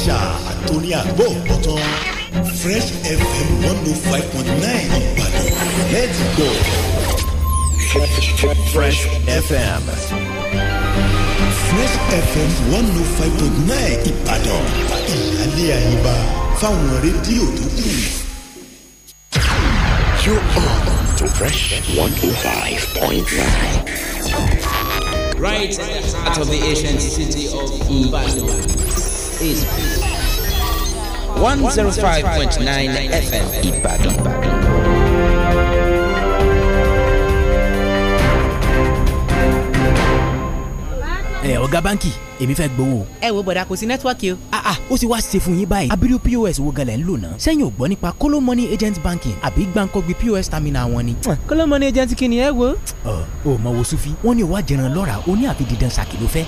àṣà àtòrí àgbò ọ̀tọ̀ fresh fm one oh five point nine ìbàdàn let's go. fresh fm fresh fm one oh five point nine ìbàdàn ìyáálé àyíbá fáwọn rédíò tó kù. you are on to fresh one oh five point nine. Right out of the ancient city of Ibadan. is 105.9 FM Ìbàdàn. ẹ ọ̀gá báńkì èmi fẹ́ gbowó. ẹ wo bọ̀dà kò sí nẹ́tíwọ́ọ̀kì o ah, ah ó sì wá ṣe fún yín báyìí abiru pos wo gan lẹ̀ ń lò náà sẹ́yìn ò gbọ́ nípa kóló money agent banking àbí gbàǹkọ́gbì pos terminal wọn ni. kóló money agent kí ni ẹ wo. ọ ò mọ wo sufi wọn ní ìwà jẹran lọ́ra ó ní àfi didan ṣàkì ló fẹ́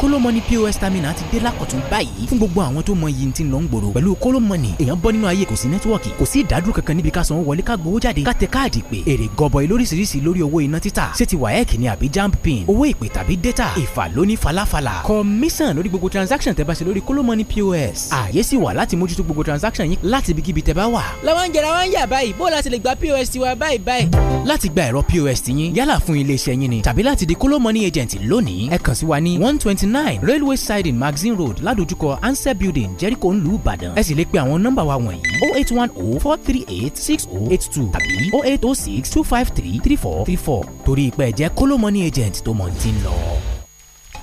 kóló money pos terminal ti dé lákọ̀tún báyìí fún gbogbo àwọn tó mọ iye tí ń lọ ń gbòòrò pẹ̀lú kóló money èèyàn bọ́ nínú ayé kò sí nẹ́tíwọ̀kì kò sí ìdádúró kankan níbi ká sanwó wọlé ká gbowó jáde ká tẹ káàdì pé èrè gọbọi lóríṣiríṣi lórí owó iná títà ṣé ti wáẹ́ẹ̀kì ni àbí jamb pin owó ìpè tàbí data ìfà lóní falafala kọmíṣàn lórí gbogbo transaction tẹ bá ṣe lórí kóló money pos pos ààyè sì wà láti mójútó gbogbo transaction yín láti ibikíbi tẹ́ bá wà. làwọn ń jẹ làwọn ń yà báyìí bó láti lè gba pos tiwa báyìí báyìí. láti gba ẹ̀rọ pos ti yín yálà fún iléeṣẹ́ yín ni tàbí láti di kóló money agent lónìí ẹ kàn sí wa ní one twenty nine railway siding magazine road ládojúkọ ansel building jericho ńlú ìbàdàn ẹ sì lè pe àwọn nọ́mbà wa wọ̀nyí o oh eight one o oh four three eight six o oh eight two tàbí o eight o six two five three three four three four torí ìpẹ́ jẹ́ kóló money agent tó mọ̀ ní ti ń lọ.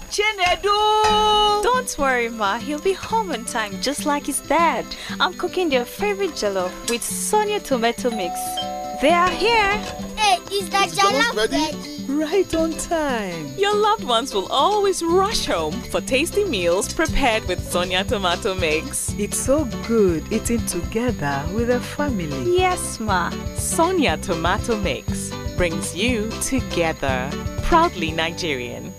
Chinedu! Don't worry, Ma. He'll be home on time, just like his dad. I'm cooking your favorite jello with Sonia tomato mix. They are here. Hey, is that jello ready? Right on time. Your loved ones will always rush home for tasty meals prepared with Sonia tomato mix. It's so good eating together with a family. Yes, Ma. Sonia tomato mix brings you together. Proudly Nigerian.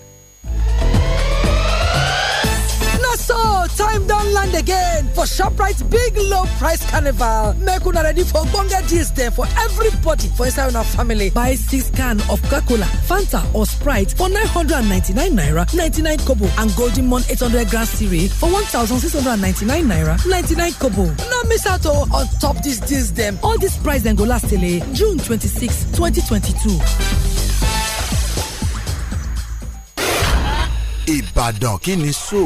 Yes, so time don land again for Shoprite's big low price carnival make una ready for ogbonge deals dem for everybody for inside una family buy six can of coca-cola fanta or sprite for 999 naira 99 kobo and golden mon 800 grand cereal for 1699 naira 99 kobo no miss out on top dis deals dem all dis price dem go last till eh, june 26 2022 Ìbàdàn kí ni sọ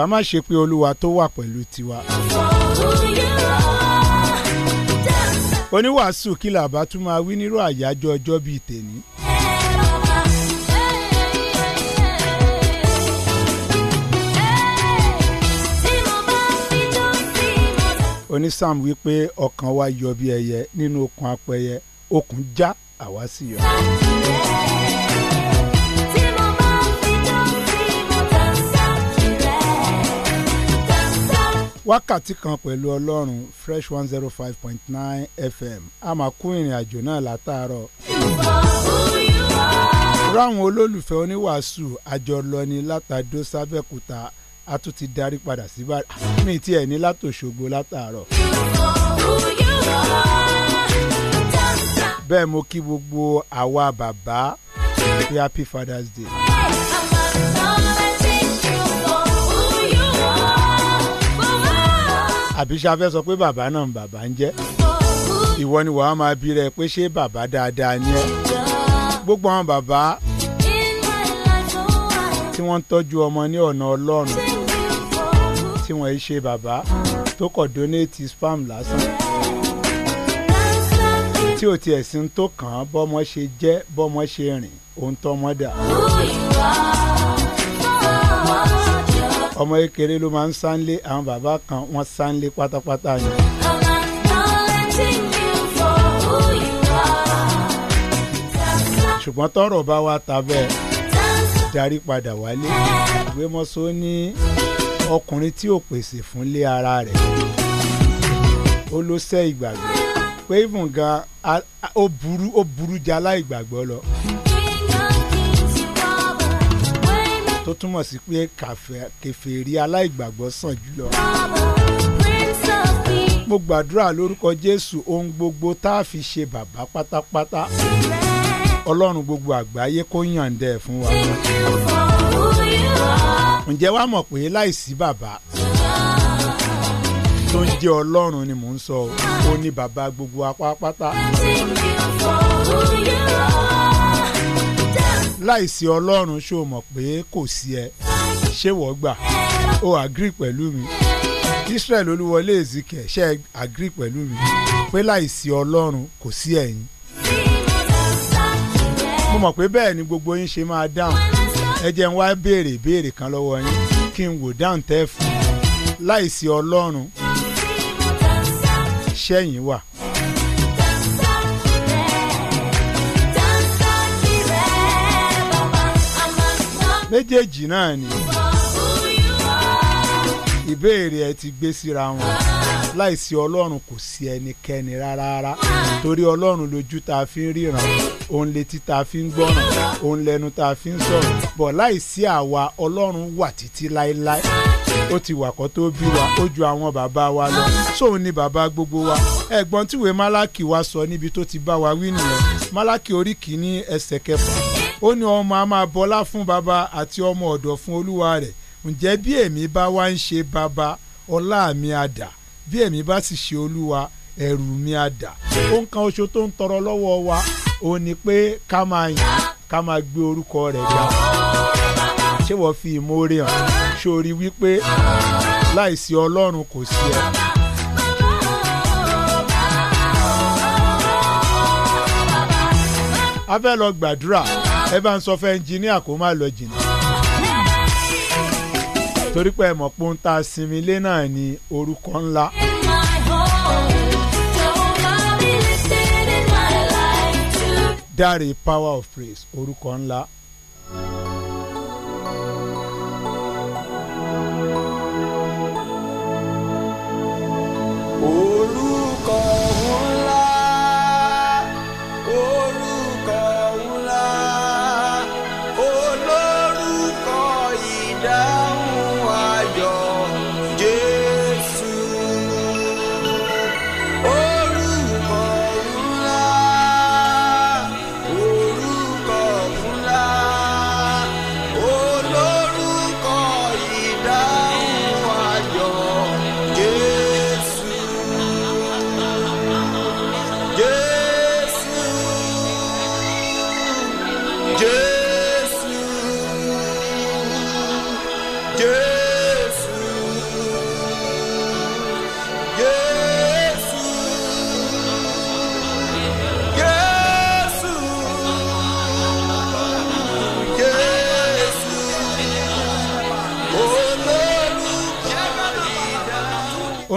ìbá má ṣe pé olúwa tó wà pẹ̀lú tiwa. oníwàásù kìlà bá tún máa wí nírú àyájọ́ ọjọ́ bíi tèmi. onísàm wípé ọkàn wa yọ bí ẹyẹ nínú okùn apẹyẹ okùn já àwa sì yọ. wákàtí kan pẹ̀lú ọlọ́run fresh one zero oh five point nine fm a máa kún ìrìn àjò náà látàárọ̀. ráwọn olólùfẹ́ oníwàásù àjọlọ́ni látàdó sábẹ́kúta a tún ti darí padà sí mi tí ẹ̀ ní látòṣogbo látàárọ̀. bẹ́ẹ̀ mo kí gbogbo àwa bàbá happy father's day. àbí ṣe afẹ́ sọ pé bàbá náà ń bàbá ń jẹ́ ìwọ ni wàá máa bí rẹ pé ṣé bàbá dáadáa ni ẹ gbogbo àwọn bàbá tí wọ́n ń tọ́jú ọmọ ní ọ̀nà ọlọ́run tí wọ́n ṣe bàbá tó kọ̀ donate spam lásán tí ò tiẹ̀ sí tó kàn án bọ́mọ ṣe jẹ́ bọ́mọ ṣe rìn ohun tọ́mọ dà ọmọ kékeré ló máa ń sánlé àwọn bàbá kan wọ́n sánlé pátápátá ni. ṣùgbọ́n tọ́rọ̀ bá wa ta bẹ́ẹ̀ darí padà wálé ìgbémọ́sọ ní ọkùnrin tí ò pèsè fúnlé ara rẹ̀ ó ló sẹ́ ìgbàgbọ́ pé ìfúngan ó burú ó burú jalá ìgbàgbọ́ lọ. tó túmọ̀ sí pé kèfèrí aláìgbàgbọ́ sàn jùlọ. mo gbàdúrà lórúkọ jésù ohun gbogbo tá a fi ṣe bàbá pátápátá ọlọ́run gbogbo àgbáyé kó yànda fún wa. ǹjẹ́ wàá mọ̀ pé láìsí bàbá tó ń jẹ́ ọlọ́run ni mò ń sọ ó ní bàbá gbogbo apá pátá láìsí ọlọ́run ṣó mọ̀ pé kò sí ẹ ṣé wọ́n gbà ó agree pẹ̀lú mi Israel Olúwọlé Ezike ṣe agree pẹ̀lú mi pé láìsí ọlọ́run kò sí ẹ̀yin mo mọ̀ pé bẹ́ẹ̀ ni gbogbo yín ṣe máa dáhùn ẹ jẹ́ n wá béèrè béèrè kan lọ́wọ́ yín kí n wò dáhùn tẹ́ fún láìsí ọlọ́run ṣẹ́yìn wà. méjèèjì náà ni ìbéèrè ẹ ti gbé síra wọn láìsí ọlọ́run kò sí ẹnikẹ́ni rárá torí ọlọ́run lójú tá a fi ń ríran òun létí tá a fi ń gbọ́ràn òun lẹ́nu tá a fi ń sọ̀rọ̀ bọ̀ láìsí àwa ọlọ́run wà títí láéláé ó ti wà kó tó bí wa ó ju àwọn bàbá wa lọ sóun ni bàbá gbogbo wa ẹ̀gbọ́n tíwèé málákì wa sọ níbi tó ti bá wa wí nìyẹn málákì orí kìíní ẹsẹ̀ kẹfà ó ní ọmọ a máa bọlá fún baba àti ọmọ ọ̀dọ̀ fún olúwa rẹ̀ ǹjẹ́ bí èmi bá wá ń ṣe baba ọlá mi á dà bí èmi bá sì ṣe olúwa ẹ̀rù mi á dà ó ń kan oṣù tó ń tọrọ lọ́wọ́ wa ó ní pé ká máa yìn ká máa gbé orúkọ rẹ̀ ga ṣé wọ́n fi ìmoore hàn sórí wípé láìsí ọlọ́run kò sí ẹ. a fẹ́ lọ gbàdúrà ẹ bá ń sọ fẹ́ ẹnjìníà kó má lọ jìnnà torí pé ẹ mọ̀ ta sinmi lé náà ni orúkọ ńlá. Dáre power of praise orúkọ ńlá.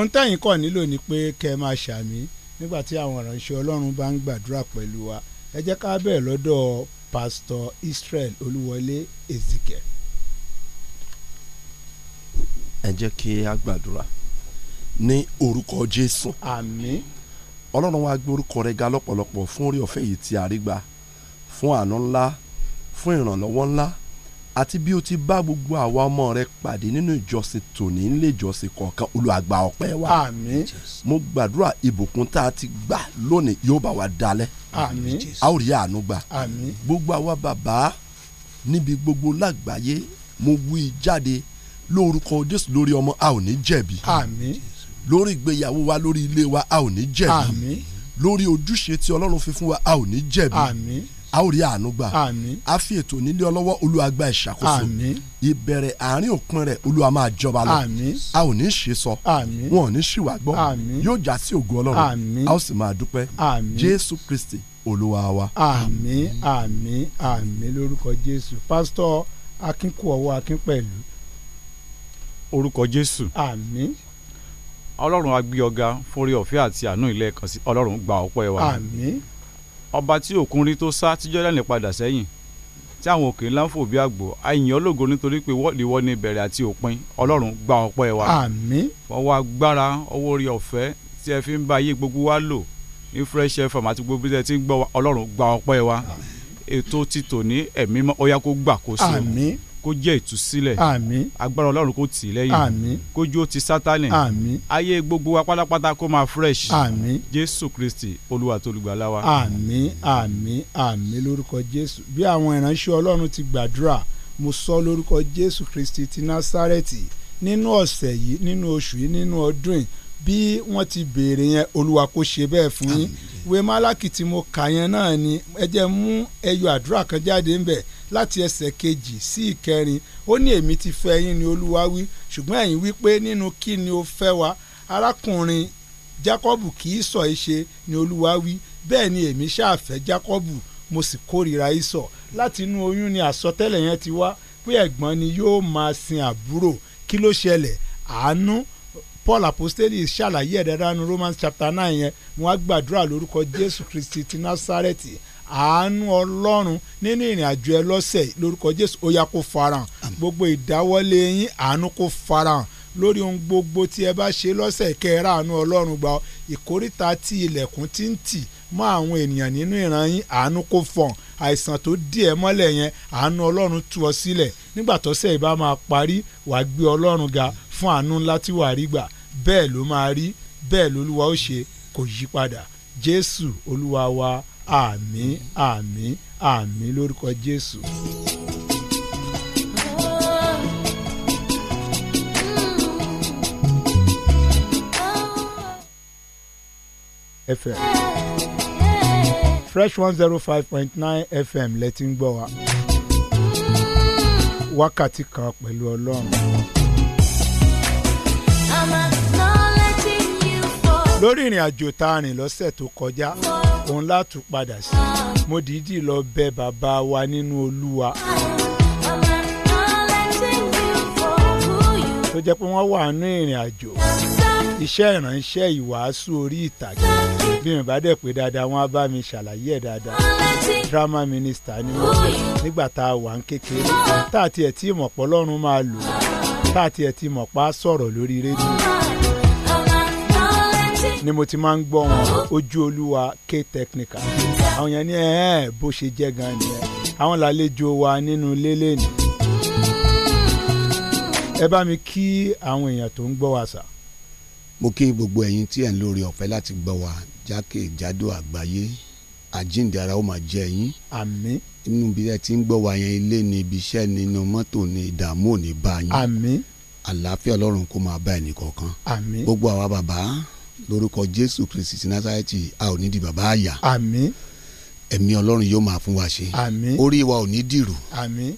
ohun tẹ̀yin kọ̀ nílò ni pé kẹ́ ẹ máa ṣàmì nígbà tí àwọn ìránṣẹ́ ọlọ́run bá ń gbàdúrà pẹ̀lú wa ẹ jẹ́ ká bẹ̀rẹ̀ lọ́dọ̀ pásítọ̀ Israel Olúwọlé Ezike. ẹ jẹ́ kí a gbàdúrà ní orúkọ Jésù. àmín. ọlọ́run wa gbé orúkọ rẹ ga lọ́pọ̀lọpọ̀ fún orí ọ̀fẹ́ yìí tí a rí gbà fún àánú ńlá fún ìrànlọ́wọ́ ńlá àti bí o ti bá gbogbo àwa ọmọ rẹ pàdé nínú ìjọsìn tòní nílé ìjọsìn kọ̀ọ̀kan olùwàgbà ọpẹ́ wa. àmín. mo gbàdúrà ìbùkún tá a ti gbà lónìí yóò bá wa dalẹ̀. àmín. a ó rí àánú gbà. àmín. gbogbo àwa bàbá níbi gbogbo lágbàáyé mo wí jáde lórúkọ Jésù lórí ọmọ a ò ní jẹ̀bi. àmín. lórí ìgbéyàwó wa lórí ilé wa a ò ní jẹ̀bi. àmín. lórí ojúṣe tí Ọlọ́run fi wa a ò ní jẹ̀bi. àmín a ó rí àánú gbà a fi ètò nílé ọlọ́wọ́ olúwa gba ìṣàkóso ìbẹ̀rẹ̀ àárín òpin rẹ̀ olúwa máa jọba lọ a ò ní ṣe sọ wọn ò ní ṣìwà gbọ́ yóò já sí ògo ọlọ́run a ó sì máa dúpẹ́ jésù kristi olúwa wa. àmín àmín àmín lórúkọ jésù pásítọ̀ akínkùọ̀wọ́ akínpẹ̀lú. orúkọ jésù. àmín ọlọ́run á gbé ọ̀fẹ́ àti àánú ilé kan sí ọlọ́run gba ọpẹ́ wa. àmín ọba tí òkun rí tó sá tí Jọ́dánì padà sẹ́yìn tí àwọn òkè ńlá ń fò bí àgbò àyìn ológo nítorí pé wọ́ọ̀lì wọ́ọ̀ ní ìbẹ̀rẹ̀ àti òpin ọlọ́run gba ọpẹ́ wa. àmín. ọwọ́ agbára ọwọ́ orí ọ̀fẹ́ tí ẹ fi ń bá ayé gbogbo wa lò ní fresh fm àti gbogbo tí ẹ ti ń gbọ́ wa ọlọ́run gba ọpẹ́ wa. ètò ti tò ní ẹ̀mí mọ́ kó gbà kó sí. àmín kó jẹ́ ìtúsílẹ̀ àmín agbára ọlọ́run kó tì í lẹ́yìn àmín kójú ti sátánì ayé gbogbo wa pátápátá kó máa fresh àmín jésù kristi olúwa tó lùgbàlà wa. àmín àmín àmín lórúkọ jésù bí àwọn ìránṣẹ́ ọlọ́run ti gbàdúrà mo sọ lórúkọ jésù kristi ti násárẹ́tì nínú ọ̀sẹ̀ yìí nínú oṣù yìí nínú ọdún yìí bí wọ́n ti béèrè yẹn olúwa kó ṣe bẹ́ẹ̀ fún yín ìwé málákì tí mo kà yẹn náà ni ẹ jẹ́ mú ẹyọ àdúrà kan jáde ńbẹ̀ láti ẹsẹ̀ kejì sí ìkẹrin ó ní èmi ti fẹ́ yín ni olúwa wí ṣùgbọ́n ẹ̀yin wí pé nínú kí ni o fẹ́ wa arákùnrin Jákọ́bù kì í sọ ìṣe ni olúwa wí bẹ́ẹ̀ ni èmi ṣàfẹ́ Jákọ́bù mo sì kórìíra ìsọ̀ láti inú oyún ni àsọtẹ́lẹ̀ yẹn ti wá pé ẹ̀gbọ́n ni yóò máa sin àbúrò kí ló ṣẹlẹ̀ àánú Paul apostoli ṣàlàyé ẹ̀dá dánú Romans chapter nine yẹn mo wá gbàdúrà lórúkọ Jésù Kristi ti Násárẹ́tì àánú ọlọ́run nínú ìrìn àjò ẹ lọ́sẹ̀ lórúkọ jésù ó yá kó farahàn gbogbo ìdáwọ́lé yín àánú kó farahàn lórí ohun gbogbo tí ẹ bá ṣe lọ́sẹ̀ kẹ́ẹ̀rá àánú ọlọ́run gba ìkóríta tí ilẹ̀kùn ti ń tì mọ́ àwọn ènìyàn nínú ìran yín àánú kó fọ̀n àìsàn tó dí ẹ mọ́lẹ̀ yẹn àánú ọlọ́run tú ọ sílẹ̀ nígbà tọ́sẹ̀ ìbá máa parí wàá gbé ọlọ́run ga fún àánú ńlá tí wàá rí gbà bẹ́ẹ̀ ló máa rí bẹ́ẹ̀ lolúwa ó ṣe kò yí padà jésù olúwa wa àmín àmín àmín lórúkọ Jésù. FM fresh one zero oh five point nine FM lẹ ti ń gbọ́ wa wákàtí kan pẹ̀lú Ọlọ́run. lórí ìrìn àjò tá a rìn lọ́sẹ̀ tó kọjá òun látún padà sí mo dìídì lọ bẹ bàbá wa nínú olúwa tó jẹ́ pé wọ́n wà nínú ìrìn àjò iṣẹ́ ìránṣẹ́ ìwàásù orí ìtàgé bí mi bá dẹ̀ pé dáadáa wọ́n á bá mi ṣàlàyé ẹ̀ dáadáa drama minister ni wọ́n nígbà tá a wà ń kékeré tá a tiẹ̀ tí mọ̀pọ̀ lọ́rùn máa lò tá a tiẹ̀ tí mọ̀pá sọ̀rọ̀ lórí rédíò ni mo ti máa ń gbọ́ wọn ojú olúwa k technical àwọn yẹn ní ẹ̀ẹ́n bó ṣe jẹ́ gan nìyẹn àwọn làlejò wa nínú lélẹ̀ ni ẹ bá mi kí àwọn èèyàn tó ń gbọ́ wa sà. mo kí gbogbo ẹ̀yin tí ẹ̀ ń lórí ọ̀fẹ́ láti gbọ́ wa jákèjádò àgbáyé àjíǹde ara ó máa jẹ yín. àmín. inú bí ẹ ti ń gbọ́ wa yẹn ilé ni ibi iṣẹ́ ni inú mọ́tò ni ìdààmú ò ní bá yín. àmín. àlàáfíà ọlọ́run kó máa bá ẹnì kọ̀ọ̀kan. àmín. gbogbo àwa bàbá lórúkọ jésù kristi ti násàrẹ́tì a ò ní di bàbá àyà. àmín. ẹ̀mí ọlọ́run yóò máa fún wa ṣe. àmín. orí wa ò ní dìrù. àmín.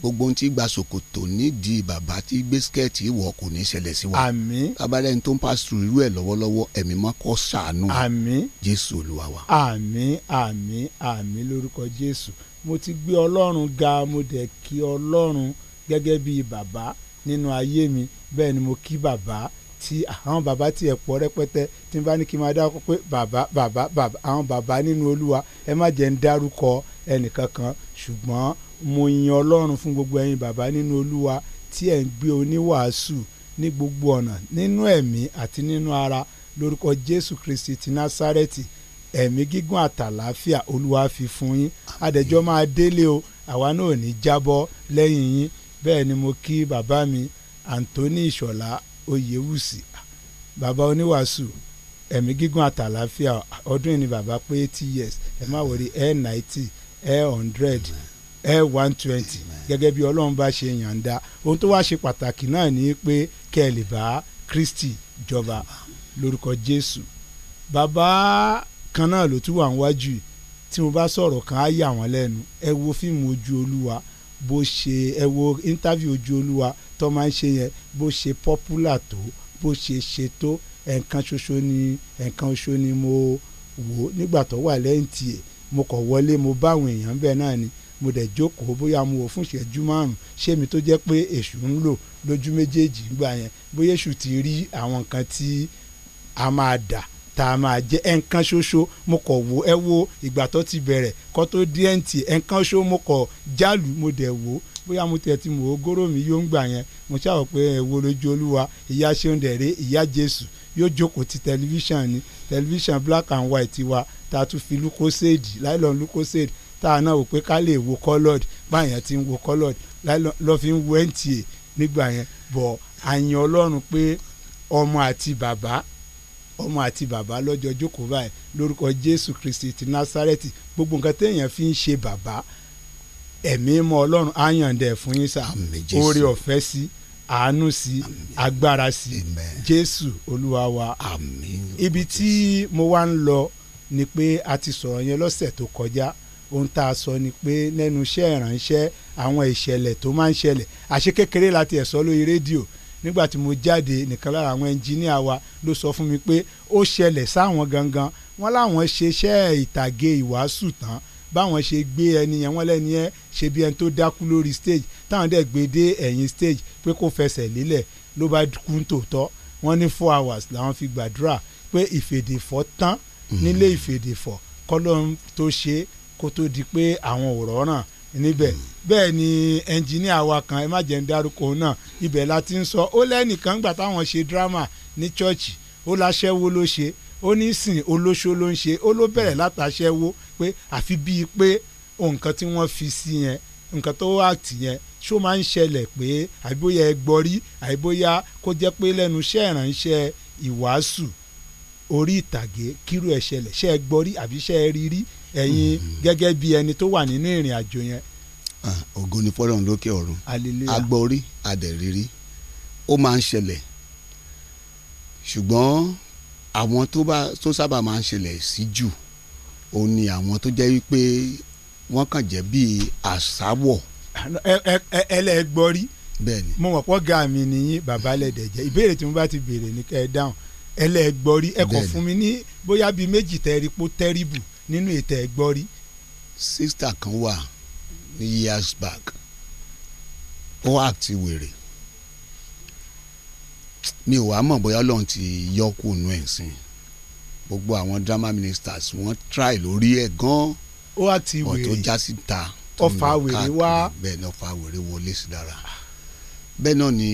gbogbo ohun tí gba ṣòkòtò nídìí bàbá tí gbé skẹ́ẹ̀tì wọ̀ kò ní ṣẹlẹ̀ sí wa. àmín. tábàdà ẹni tó ń pass through irú ẹ̀ lọ́wọ́lọ́wọ́ ẹ̀mí máa kọ́ ṣàánú. àmín. jésù olúwa wa. àmín àmín àmín lórúkọ jésù mo ti gbé ọlọ́run ga mo dẹ̀ kí ọlọ́run gẹ́gẹ́ bíi bàbá nínú ayé mi bẹ́ẹ̀ ni mo kí bàbá tí àwọn bàbá tiẹ̀ pọ̀ rẹpẹtẹ tí n bá ní kí n máa dákọ pé bàbá bàbá bàbá àwọn bàbá nínú olúwa ẹ má jẹ́ ń dárúkọ ẹnìkankan ṣùgbọ́n mo yin ọlọ́run fún gbogbo ẹ̀yin bàbá nínú olúwa tí ẹ̀ ń gbé oníwàásù ní gbogbo ọ̀nà nínú ẹ̀mí àti nínú ara lórúkọ jésù kristi ti násárẹ́tì ẹ̀mí gígùn àtàlàáfíà olúwa fi fún yín adẹ̀jọ́ máa délé o àwa náà ò ní jábọ́ lẹ́yìn yín bẹ́ẹ̀ ni mo kí bàbá mi Anthony Ìṣọ̀lá oyèwùsì bàbá oníwàásù ẹ̀mí gígùn àtàlàfíà ọdún yìí ni bàbá pé eighty years ẹ má wọrí ẹ ninety ẹ hundred ẹ one twenty gẹ́gẹ́ bí ọlọ́run bá ṣe yànda ohun tó wá ṣe pàtàkì náà ni pé kẹ́ ẹ lè bá Kristi jọba lórúkọ Jésù bàbá kan náà ló tún wà níwájú tí mo bá sọ̀rọ̀ kan á yà wọ́n lẹ́nu ẹ wo fíìmù ojú olúwa bó ṣe ẹ wo íńtáfíù ojú olúwa tó máa ń ṣe yẹn bó ṣe popular tó bó ṣe ṣe tó ẹ̀ẹ̀kan ṣoṣo ni ẹ̀ẹ̀kan ṣoṣo ni mo wò ó nígbà tó wà lẹ́yìn tiẹ̀ mo kọ̀ wọlé mo bá àwọn èèyàn bẹ́ẹ̀ náà ni mo dẹ̀ jókòó bóyá mo wò fún ìṣẹ́jú márùn-ún ṣé mi tó jẹ́ pé èṣù ń lò lójú méjèèjì gbà yẹn bóyá èṣù ti rí àwọn nǹkan tí a máa dà tá a máa jẹ ẹnkan ṣoṣo mo kọ wo ẹ wo ìgbà tó ti bẹ̀rẹ̀ kó tó díẹ̀ ntì ẹnkan ṣoṣo mo kọ jálù mo dẹ̀ wo bóyá mo tẹ̀ ti mò ó góró mi yóò ń gbà yẹn mo ṣàwọ̀ pé ẹ wo lójú olúwa ìyá ṣeun dẹ̀rẹ́ ìyá jésù yóò jókòó ti tẹlifíṣàn ni tẹlifíṣàn black and white wa tá a tún fi lukoseed láìlọ́n lukoseed tá a náà wò pé ká lè wo colored báyẹn ti ń wo colored láìlọ́n lọ́ fi ń wo nta nígbà yẹn bọ̀ àyìn ọlọ́run pé ọmọ àti bàbá ọmọ àti bàbá lọ́jọ́ jókòó báyìí lórúkọ jésù kristi ti násárẹ́tì gbogbo nǹkan téèyàn fi ń ṣe bàbá ẹ̀mí mọ́ ọlọ́run á yànjẹ́ fún yín sá oore ọ̀fẹ́ sí àánú sí agbára sí jésù olúwa wa àmín ibi tí mo wá ń lọ ni pé a ti sọ̀rọ̀ yẹn lọ́sẹ̀ tó kọjá ohun tá a sọ ni pé lẹ́nu iṣẹ́ ìránṣẹ́ àwọn ìṣẹ̀lẹ̀ tó máa ń ṣẹlẹ̀ àṣé kékeré láti ẹ̀sọ́ lórí rédíò nígbà tí mo jáde nìkan lára àwọn ẹnjíníà wa ló sọ fún mi pé ó ṣẹlẹ̀ sáwọn gangan wọn láwọn ṣe iṣẹ́ ìtàgé ìwàásù tán báwọn ṣe gbé ẹni yẹn wọ́n lẹ́ni yẹn ṣe bí ẹni tó dákú lórí stage táwọn dẹ̀ gbé dé ẹ̀yìn stage pé kó fẹsẹ̀ lélẹ̀ ló bá kú tòótọ́ wọ́n ní four hours làwọn fi gbàdúrà pé ìfèdèfọ́ tán mhm. nílé ìfèdèfọ́ kọ́lọ́n tó ṣe kó tó di pé àwọn ò rọ́ràn níbẹ̀ mhm. bẹ́ẹ̀ ni ẹnjìníà wa kan ẹ má jẹ́ ń dárúkọ náà ibẹ̀ la ti ń sọ ó lẹ́nìkan gbà táwọn ṣe dírámà ní chọ́ọ̀chì ó ní sìn olóṣó ló ń ṣe ó ló bẹ̀rẹ̀ látàṣẹ́wó pé àfi bíi pé nǹkan tí wọ́n fi sí yẹn nǹkan tó act yẹn ṣó máa ń ṣẹlẹ̀ pé àbóyá ẹ gbọ́ rí àbóyá kó jẹ́ pé lẹ́nu iṣẹ́ ìránṣẹ́ ìwàásù orí ìtàgé kírú ẹ̀ ṣẹlẹ̀ ṣẹ́ ẹ gbọ́ rí àbí ṣẹ́ ẹ rí rí ẹ̀yin mm-hmm. gẹ́gẹ́ bí ẹni tó wà nínú ìrìn àjò yẹn. ògo ni fọlọ́run lókè ọ̀run agbọ́rí adẹ̀rírí ó máa ń ṣẹlẹ̀ ṣùgbọ́n àwọn tó bá tó sábà máa ń ṣẹlẹ̀ sí jù òun ni àwọn tó jẹ́ wípé wọ́n kàn jẹ́ bíi àṣàwọ̀. ẹlẹgbọ́ rí bẹ́ẹ̀ni mo mọ̀ pọ́ ga mi nìyí bàbá lẹ́dẹ̀ jẹ́ ìbéèrè tí mo bá ti béèrè ní kẹ́ ẹ dáhùn ẹlẹgbọ́ rí ẹ kàn fún mi ní bóyá bíi méjì tẹ́rí pó tẹ́rìbù nínú ètò ẹgbọ́ rí. sísítà kan wà ní years back ó àti wèrè mi ò wá mọ̀ bóyá ọlọ́run ti yọ kù nù ẹ̀ sìn gbogbo àwọn drama ministers wọ́n try lórí ẹ̀ gan-an ó wá ti wèrè ọ̀tọ̀ já sí ta ọfà wèrè wá bẹ́ẹ̀ ni ọfà wèrè wọlé sí dára bẹ́ẹ̀ náà ni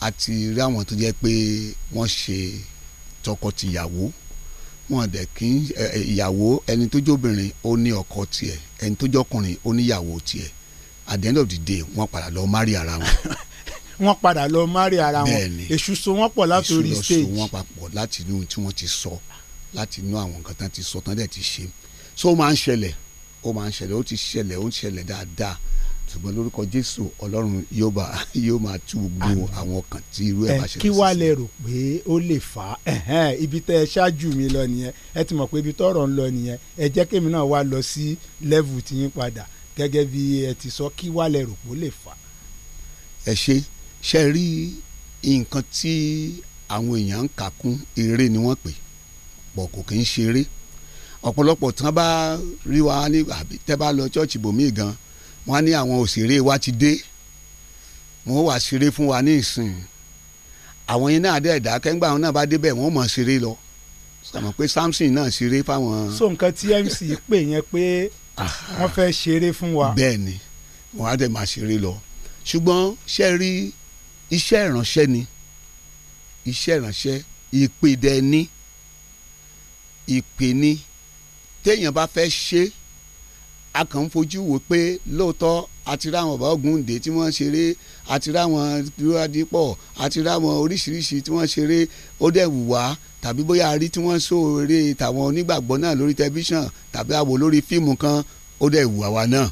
a ti rí àwọn tó jẹ́ pé wọ́n ṣe tọkọ-tìyàwó wọn dẹ̀ kí ìyàwó ẹni tó jóbìnrin ó ní ọkọ tiẹ̀ ẹni tó jọkùnrin ó níyàwó tiẹ̀ at the end of the day wọ́n padà lọ márì ara wọn wọ́n padà lọ márì ara wọn èṣù so wọ́n pọ̀ látòrí stage èṣù lọ so wọ́n papọ̀ láti inú tí wọ́n ti sọ láti inú àwọn nǹkan tán ti sọ tán dẹ̀ ti ṣe so ó máa ń ṣẹlẹ̀ ó máa ń ṣẹlẹ̀ ó ti ṣẹlẹ̀ ó ń ṣẹlẹ̀ dáadáa ṣùgbọ́n lórúkọ jésù ọlọ́run yóò bá yóò máa tú gbogbo àwọn kan tí irú ẹ̀ bá ṣẹlẹ̀ sí. kí wàá lè rò pé ó lè fà á ibi tẹ́ ṣáájú mi lọ nìyẹn ẹ ti mọ̀ pé ibi tọ́rọ̀ ń lọ nìyẹn ẹ jẹ́ kémi náà wá lọ sí lẹ́vù tí yín padà gẹ́gẹ́ bí ẹ ti sọ kí wàá lè rò pé ó lè fà á. ẹ ṣe ṣe rí nǹkan tí àwọn èèyàn ń kà kún eré ni wọ́n pè pọ̀ kò kì í ṣeré ọ̀pọ̀lọpọ̀ tán bá rí wa ní àbí tẹ́ bá lọ ṣọ́ọ̀ṣì bòmíì gan wọ́n á ní àwọn òṣèré wa ti dé wọ́n wá ṣeré fún wa ní ìsìn àwọn yẹn náà dẹ̀ dá kẹ́ńgbà wọn náà bá débẹ̀ wọ́n mọ̀ ṣeré lọ sàmọ̀ pé Samson náà ṣeré fáwọn. so nǹkan tí MC pè yẹn pé wọ́n fẹ́ ṣeré fún wa. bẹ́ẹ̀ ni wọ́n á dẹ̀ máa ṣeré lọ ṣùgbọ́n ṣe iṣẹ́ ìránṣẹ́ ni iṣẹ́ ìránṣẹ́ ìpèdè ni ìpè ni téèyàn bá fẹ́ ṣe a kàn ń fojú wò pé lóòótọ́ àti ráwọn ọba Ògúndé tí wọ́n ṣeré àti ráwọn Adépọ̀ àti ráwọn oríṣiríṣi tí wọ́n ṣeré ó dẹ̀ wù wá tàbí bóyá a rí tí wọ́n sọ eré tàwọn onígbàgbọ́ náà lórí tẹlifíṣàn tàbí àwò lórí fíìmù kan ó dẹ̀ wù àwa náà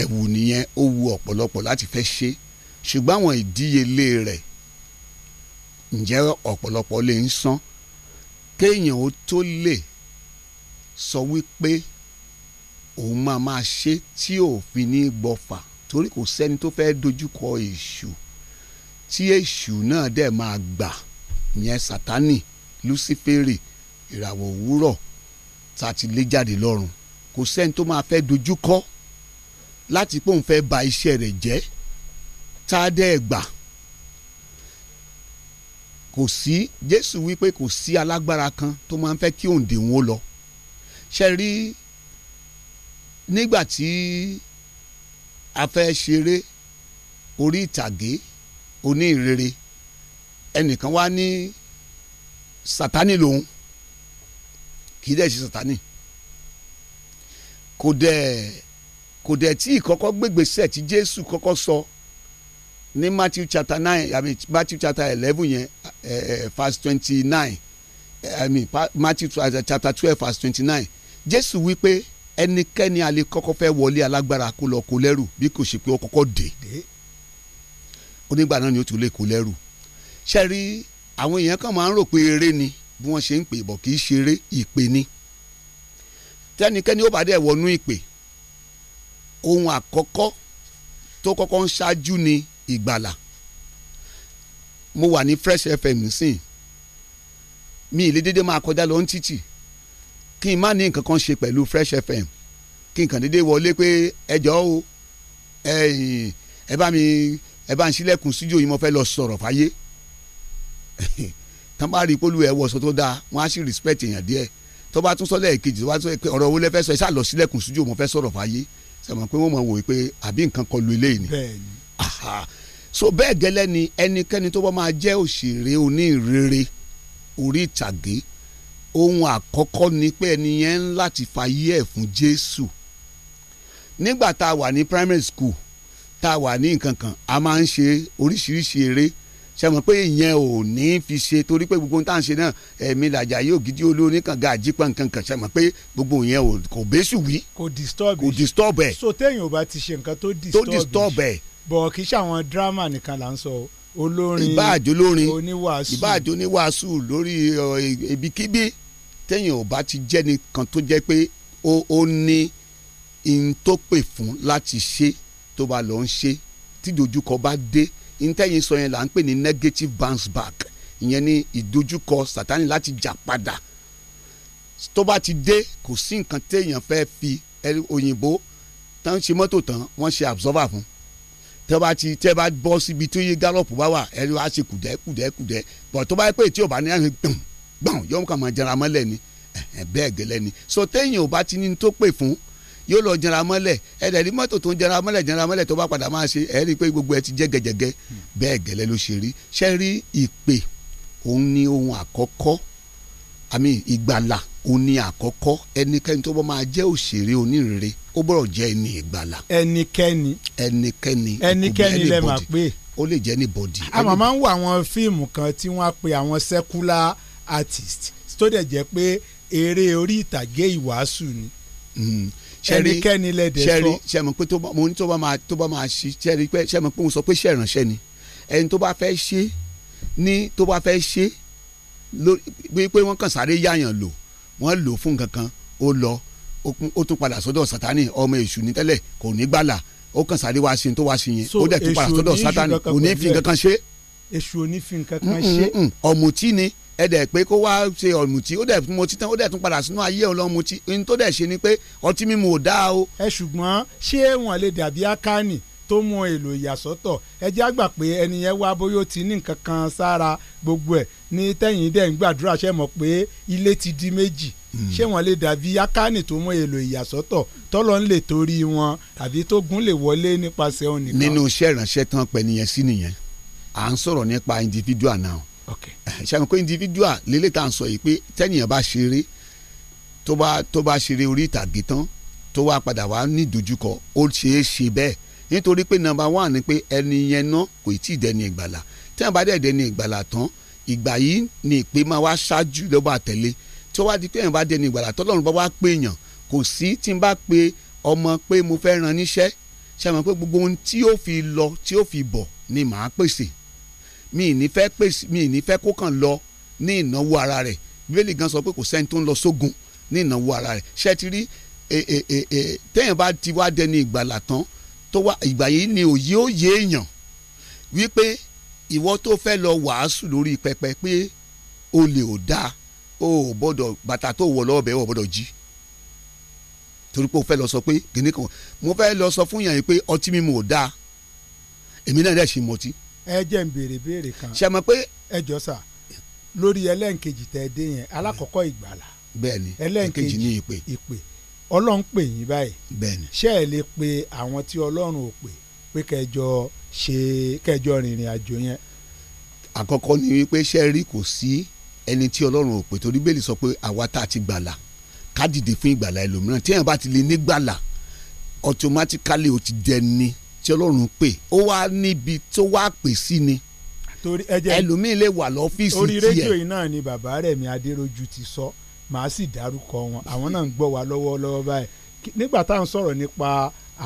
ẹ̀wù nìyẹn ó wù ọ̀pọ̀lọpọ̀ láti fẹ́ ṣe é ṣùgbọ́n àwọn ìdíyelé rẹ̀ ǹjẹ́ ọ̀pọ̀lọpọ̀ lè ń san kéèyàn ó tó lè sọ wípé òun máa máa ṣe tí òfin ní gbọ́fà torí kò sẹ́ni tó fẹ́ dojúkọ èṣù tí èṣù náà dẹ̀ máa gbà yẹn sátani lucifere ìràwọ̀ òwúrọ̀ tá ti lé jáde lọ́run kò sẹ́ni tó máa fẹ́ dojúkọ láti pé fẹ́ ba iṣẹ́ rẹ̀ jẹ́ tá a dẹ́ gbà kò sí Jésù wípé kò sí alágbára kan tó máa ń fẹ́ kí òǹdè wọn lọ ṣe rí nígbà tí a fẹ́ ṣeré orí ìtàgé oní ìrere ẹnìkan wá ní Sátánì lòun kì í dẹ̀ ṣe Sátánì kò dẹ̀ kò dẹ̀ tí ìkọ́kọ́ gbégbèsè tí Jésù kọ́kọ́ sọ so, ní Matthew chapter nine àbí Matthew chapter eleven yẹn eh, eh, verse twenty nine eh, I mean Matthew chapter twelve verse twenty nine Jésù wípé ẹnikẹ́ni a lè kọ́kọ́ fẹ́ wọlé alágbára kó lọ kó lẹ́rù bí kò ṣe pé ó kọ́kọ́ dé onígbà náà ni ó tún lè kó lẹ́rù ṣe rí àwọn èèyàn kan máa ń rò pé eré ni bí wọ́n ṣe ń pè bọ̀ kì í ṣeré ìpè ni tẹ́nikẹ́ni ó bá dẹ̀ wọnú ìpè ohun àkọ́kọ́ tó kọ́kọ́ ń ṣáájú ni ìgbàlà mo wà ní Fresh FM nísìn mi ìlé dédé máa kọjá lọ ń títì kí n má ní nǹkan kan ṣe pẹ̀lú Fresh FM kí n kàn dédé wọlé pé ẹ jọ̀ọ́ o ẹ bá mi ẹ bá ń ṣílẹ̀kùn síjò yìí mo fẹ́ lọ sọ̀rọ̀ fáyé tán bá rí polú ẹ wọṣọ tó dáa wọn á sì respect èèyàn díẹ̀ tó bá tún sọlẹ̀ kejì tó bá tún pé ọ̀rọ̀ owó lẹ́fẹ́ sọ ẹ ṣáà lọ sílẹ̀kùn síjò mo fẹ́ sọ̀rọ̀ fáyé sọ̀rọ̀ pé wọ́n mọ̀ wò pé àbí nǹkan kọlu eléyìí ni so bẹ́ẹ̀ gẹ́lẹ́ ni ẹnikẹ́ni tó bá máa jẹ́ òṣèré onírere orí ìtàgé ohun àkọ́kọ́ ni pé ẹni yẹn ń láti fàyè ẹ̀ fún Jésù nígbà tá a wà ní primary school tá a wà ní nǹkan kan a máa ń ṣe oríṣiríṣi eré ṣe mọ̀ pé ìyẹn ò ní fi ṣe torí pé gbogbo ohun tá à ń ṣe náà ẹ̀mí làjà yóò gidi olórin kan ga nǹkan kan ṣe mọ̀ pé gbogbo ìyẹn kò bẹ́sù wí. kò disturb ẹ̀. disturb so téèyàn ò bá ti ṣe nǹkan tó disturb ẹ̀ bọ̀ kì í ṣe àwọn dírámà nìkan là ń sọ olórin ìbáàjò olórin oníwàásù ìbáàjò oníwàásù lórí ibikíbi téèyàn ò bá ti jẹ́ nìkan tó jẹ́ pé ó ní ihun tó pè fún láti ṣe tó bá lọ ń ṣe tí dojúkọ bá dé ntẹ́yìn sọ yẹn là ń pè ní negative bounce back ìyẹn ní ìdojúkọ sátani láti jà padà tó bá ti dé kò sí nǹkan téèyàn fẹ́ fi òyìnbó tán ṣe mọ́tò tán wọ́n ṣe absorber fún un tẹ́ bá ti tẹ́ bá bọ́ síbi tó yé gálọ̀pù bá wà ẹni wàá ṣe kùdẹ́ kùdẹ́ kùdẹ́ bọ̀ tó bá yẹ pé tí o bá ní àná gbọ̀n gbọ̀n yóò kàn máa jẹrà mọ́lẹ̀ ni bẹ́ẹ̀ gẹ́lẹ́ ni so téèyàn ò bá ti ní tó pè fún yóò lọ jẹrà mọ́lẹ̀ ẹ̀dẹ̀ ní mọ́tò tó ń jẹrà mọ́lẹ̀ jẹrà mọ́lẹ̀ tó bá padà máa ṣe ẹ̀ rí i pé gbogbo ẹ ti jẹ́ gẹ́gẹ́gẹ́ bẹ́ẹ̀ gẹ́lẹ́ ló ṣe rí ṣẹ́ rí ìpè òun ni ohun àkọ́kọ́ àmì ìgbàlà òní àkọ́kọ́ ẹnikẹ́ni tó bá máa jẹ́ òṣèré onírere ó bọ̀rọ̀ jẹ́ ẹni ìgbàlà. ẹnikẹ́ni ẹnikẹ́ni ẹnikẹ́ni lẹ́ẹ̀ máa pè. ó lè jẹ́ ní bọ́dì. a máa máa ń wo àwọn fíìmù kan tí wọ́n á pe àwọn secular artist tó dẹ̀ jẹ́ pé eré orí ìtàgé ìwàásù ni. Hmm. ẹnikẹ́ni lẹ́dẹ̀ sọ. mo ní tó bá máa tó bá máa ṣí sẹ́rí pé sẹ́mi pé mo sọ pé sẹ́ránṣẹ́ ni ẹni tó bá fẹ́ ṣe ní tó bá fẹ́ ṣe pé wọ́n kàn sáré yáyàn lò wọ́n lò fún nǹkan kan ó lọ ó tún padà sọ́dọ̀ sátani ọmọ èṣù ní tẹ́lẹ̀ kò ní gbàlà ó kàn sáré wá sí tó wá sí yẹn ó dẹ̀ tún padà sọ́dọ̀ sátani kò ní fi nǹkan kan ṣe. èṣù ò ní fi nǹkan kan ṣe. ọ̀mùtí ni ẹ dẹ̀ pé kó wá ṣe ọ̀mùtí ó dẹ̀ tún mutí tán ó dẹ̀ tún padà sínú ayé ọlọ́mùtí ní tó dẹ̀ ṣe ni pé ọtí mímu ò dáa o. ẹ ṣùgbọ́n ṣé wọn lè dàbí akáni tó mú èlò ìyàsọ́tọ̀ ẹ jẹ́ àgbà pé ẹni yẹn wá bóyá ó ti ní nǹkan kan sára gbogbo ẹ̀ ní tẹ̀yìn dẹ̀ ń gbàdúrà ṣe mọ̀ pé ilé ti di méjì hmm. ṣé wọ́n lè dàbí akáni tó mú èlò ìyàsọ́tọ̀ tọ́lọ́ ń lè torí wọn àbí tó gún lè wọlé nípasẹ̀ òun nìkan. nínú iṣẹ́ ìránṣẹ́ tán pẹ̀ nìyẹn sí nìyẹn à ń sọ̀rọ̀ nípa individual now ṣàmì pé individual lélẹ̀ tá à ń sọ yìí pé tẹ́nìyàn bá ṣeré tó bá tó bá ṣeré orí ìtàgé tán tó wá padà wá ní ìdojúkọ ó ṣeé ṣe bẹ́ẹ̀ nítorí pé nọ́mbà wà ní pé ẹni yẹn náà kò tí ì dẹni ìgbàlà tí wọ́n bá dẹ̀ dẹni ìgbàlà tán ìgbà yìí ni ìpè máa wá ṣáájú lọ́ba àtẹ̀lé tí wọ́n bá di pé èèyàn bá dẹni ìgbàlà tọ́lọ́run bá wá pé èèyàn kò sí tí n bá pe ọmọ pé mo fẹ́ ran níṣẹ́ ṣe mọ̀ pé gbogbo ohun tí ó fi lọ tí ó fi bọ̀ ni màá pèsè mi ì ní fẹ́ mi ì ní fẹ́ kó kàn lọ ní ìnáwó ara rẹ̀ bíbélì gan sọ pé kò sẹ́ni tó ń lọ sógun ní ìnáwó ara rẹ̀ ṣe ti rí téèyàn bá ti wá dẹni ìgbàlà tán tó wá ìgbà yìí ni òye ó yé èèyàn wípé ìwọ tó fẹ́ lọ wàásù lórí pẹpẹ pé o lè ò dáa o ò gbọ́dọ̀ bàtà tó wọ̀ lọ́ọ̀bẹ̀ o gbọ́dọ̀ jí torí pé o fẹ́ lọ sọ pé kìnní kan mo fẹ́ lọ sọ fún yàn yìí pé ọtí mímu ò dáa èmi náà dẹ̀ ṣe mọtí. ẹ jẹ́ ń béèrè béèrè kan. ṣe mọ̀ pé. ẹ jọ sà lórí ẹlẹ́nkejì tẹ́ dé yẹn alákọ̀ọ́kọ́ ìgbàlà. bẹ́ẹ̀ni ẹlẹ́nkejì ní ìpè ọlọ́run pè yín báyìí bẹ́ẹ̀ni ṣé ẹ lè pe àwọn tí ọlọ́run ò pè pé kẹjọ ṣe kẹjọ rìnrìn àjò yẹn. àkọ́kọ́ ni wípé ṣe rí kò sí ẹni tí ọlọ́run ò pè torí bẹ́ẹ̀lì sọ pé àwa tá a ti gbàlà ká dìde fún ìgbàlà ẹlòmíràn tí èèyàn bá ti lè ní gbàlà automatically o ti dẹni tí ọlọ́run pè ó wá níbi tó wá pè sí ni ẹlòmíín lè wà lọ́fíìsì tiẹ̀. orí rédíò yìí náà ni bàbá rẹ̀ mi adéròjú ti sọ. So màá sì dárúkọ wọn àwọn náà ń gbọ́ wa lọ́wọ́lọ́wọ́ báyìí nígbà tá à ń sọ̀rọ̀ nípa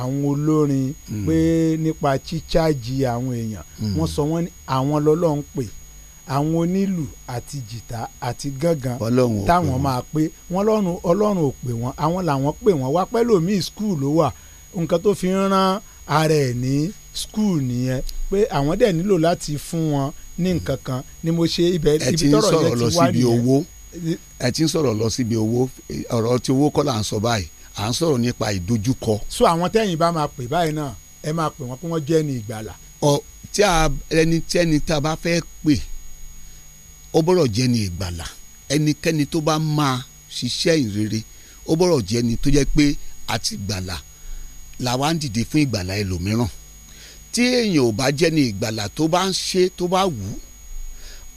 àwọn olórin hmm. pé nípa chícháàjì àwọn èèyàn hmm. wọ́n sọ wọ́n ní àwọn lọ́lọ́run pè àwọn onílù àti jìtá àti gángan táwọn máa pé wọ́n lọ́run ọlọ́run ò pè wọ́n àwọn làwọn pè wọ́n wá pẹ́ lómi skul ló wà nǹkan tó fi ń rán ara ẹ̀ ní skul nìyẹn pé àwọn dẹ̀ nílò láti fún wọn ní nǹkan kan ni mo ṣe ibẹ̀ ibi tọ̀rọ̀ yẹn ti wá nìyẹn ẹ ti ń sọ̀rọ̀ lọ síbi owó ọ̀rọ̀ tí owó kọ́ là ń sọ báyìí à ń sọ̀rọ̀ nípa ìdojúkọ. so àwọn tẹ́yìn bá máa pè báyìí náà ẹ máa pè wọ́n pé wọ́n jẹ́ ní ìgbàlà. ọ tí a ẹni tí ẹni tá a bá fẹ́ pè ó bọ̀rọ̀ jẹ́ ní ìgbàlà ẹnikẹ́ni tó bá máa ṣiṣẹ́ ìrere ó bọ̀rọ̀ jẹ́ ní tó jẹ́ pé àti ìgbàlà làwa ń dìde fún ìgbàlà ẹlòmíràn tí èèyàn ò bá jẹ́ ní ìgbàlà tó bá ń ṣe tó bá wù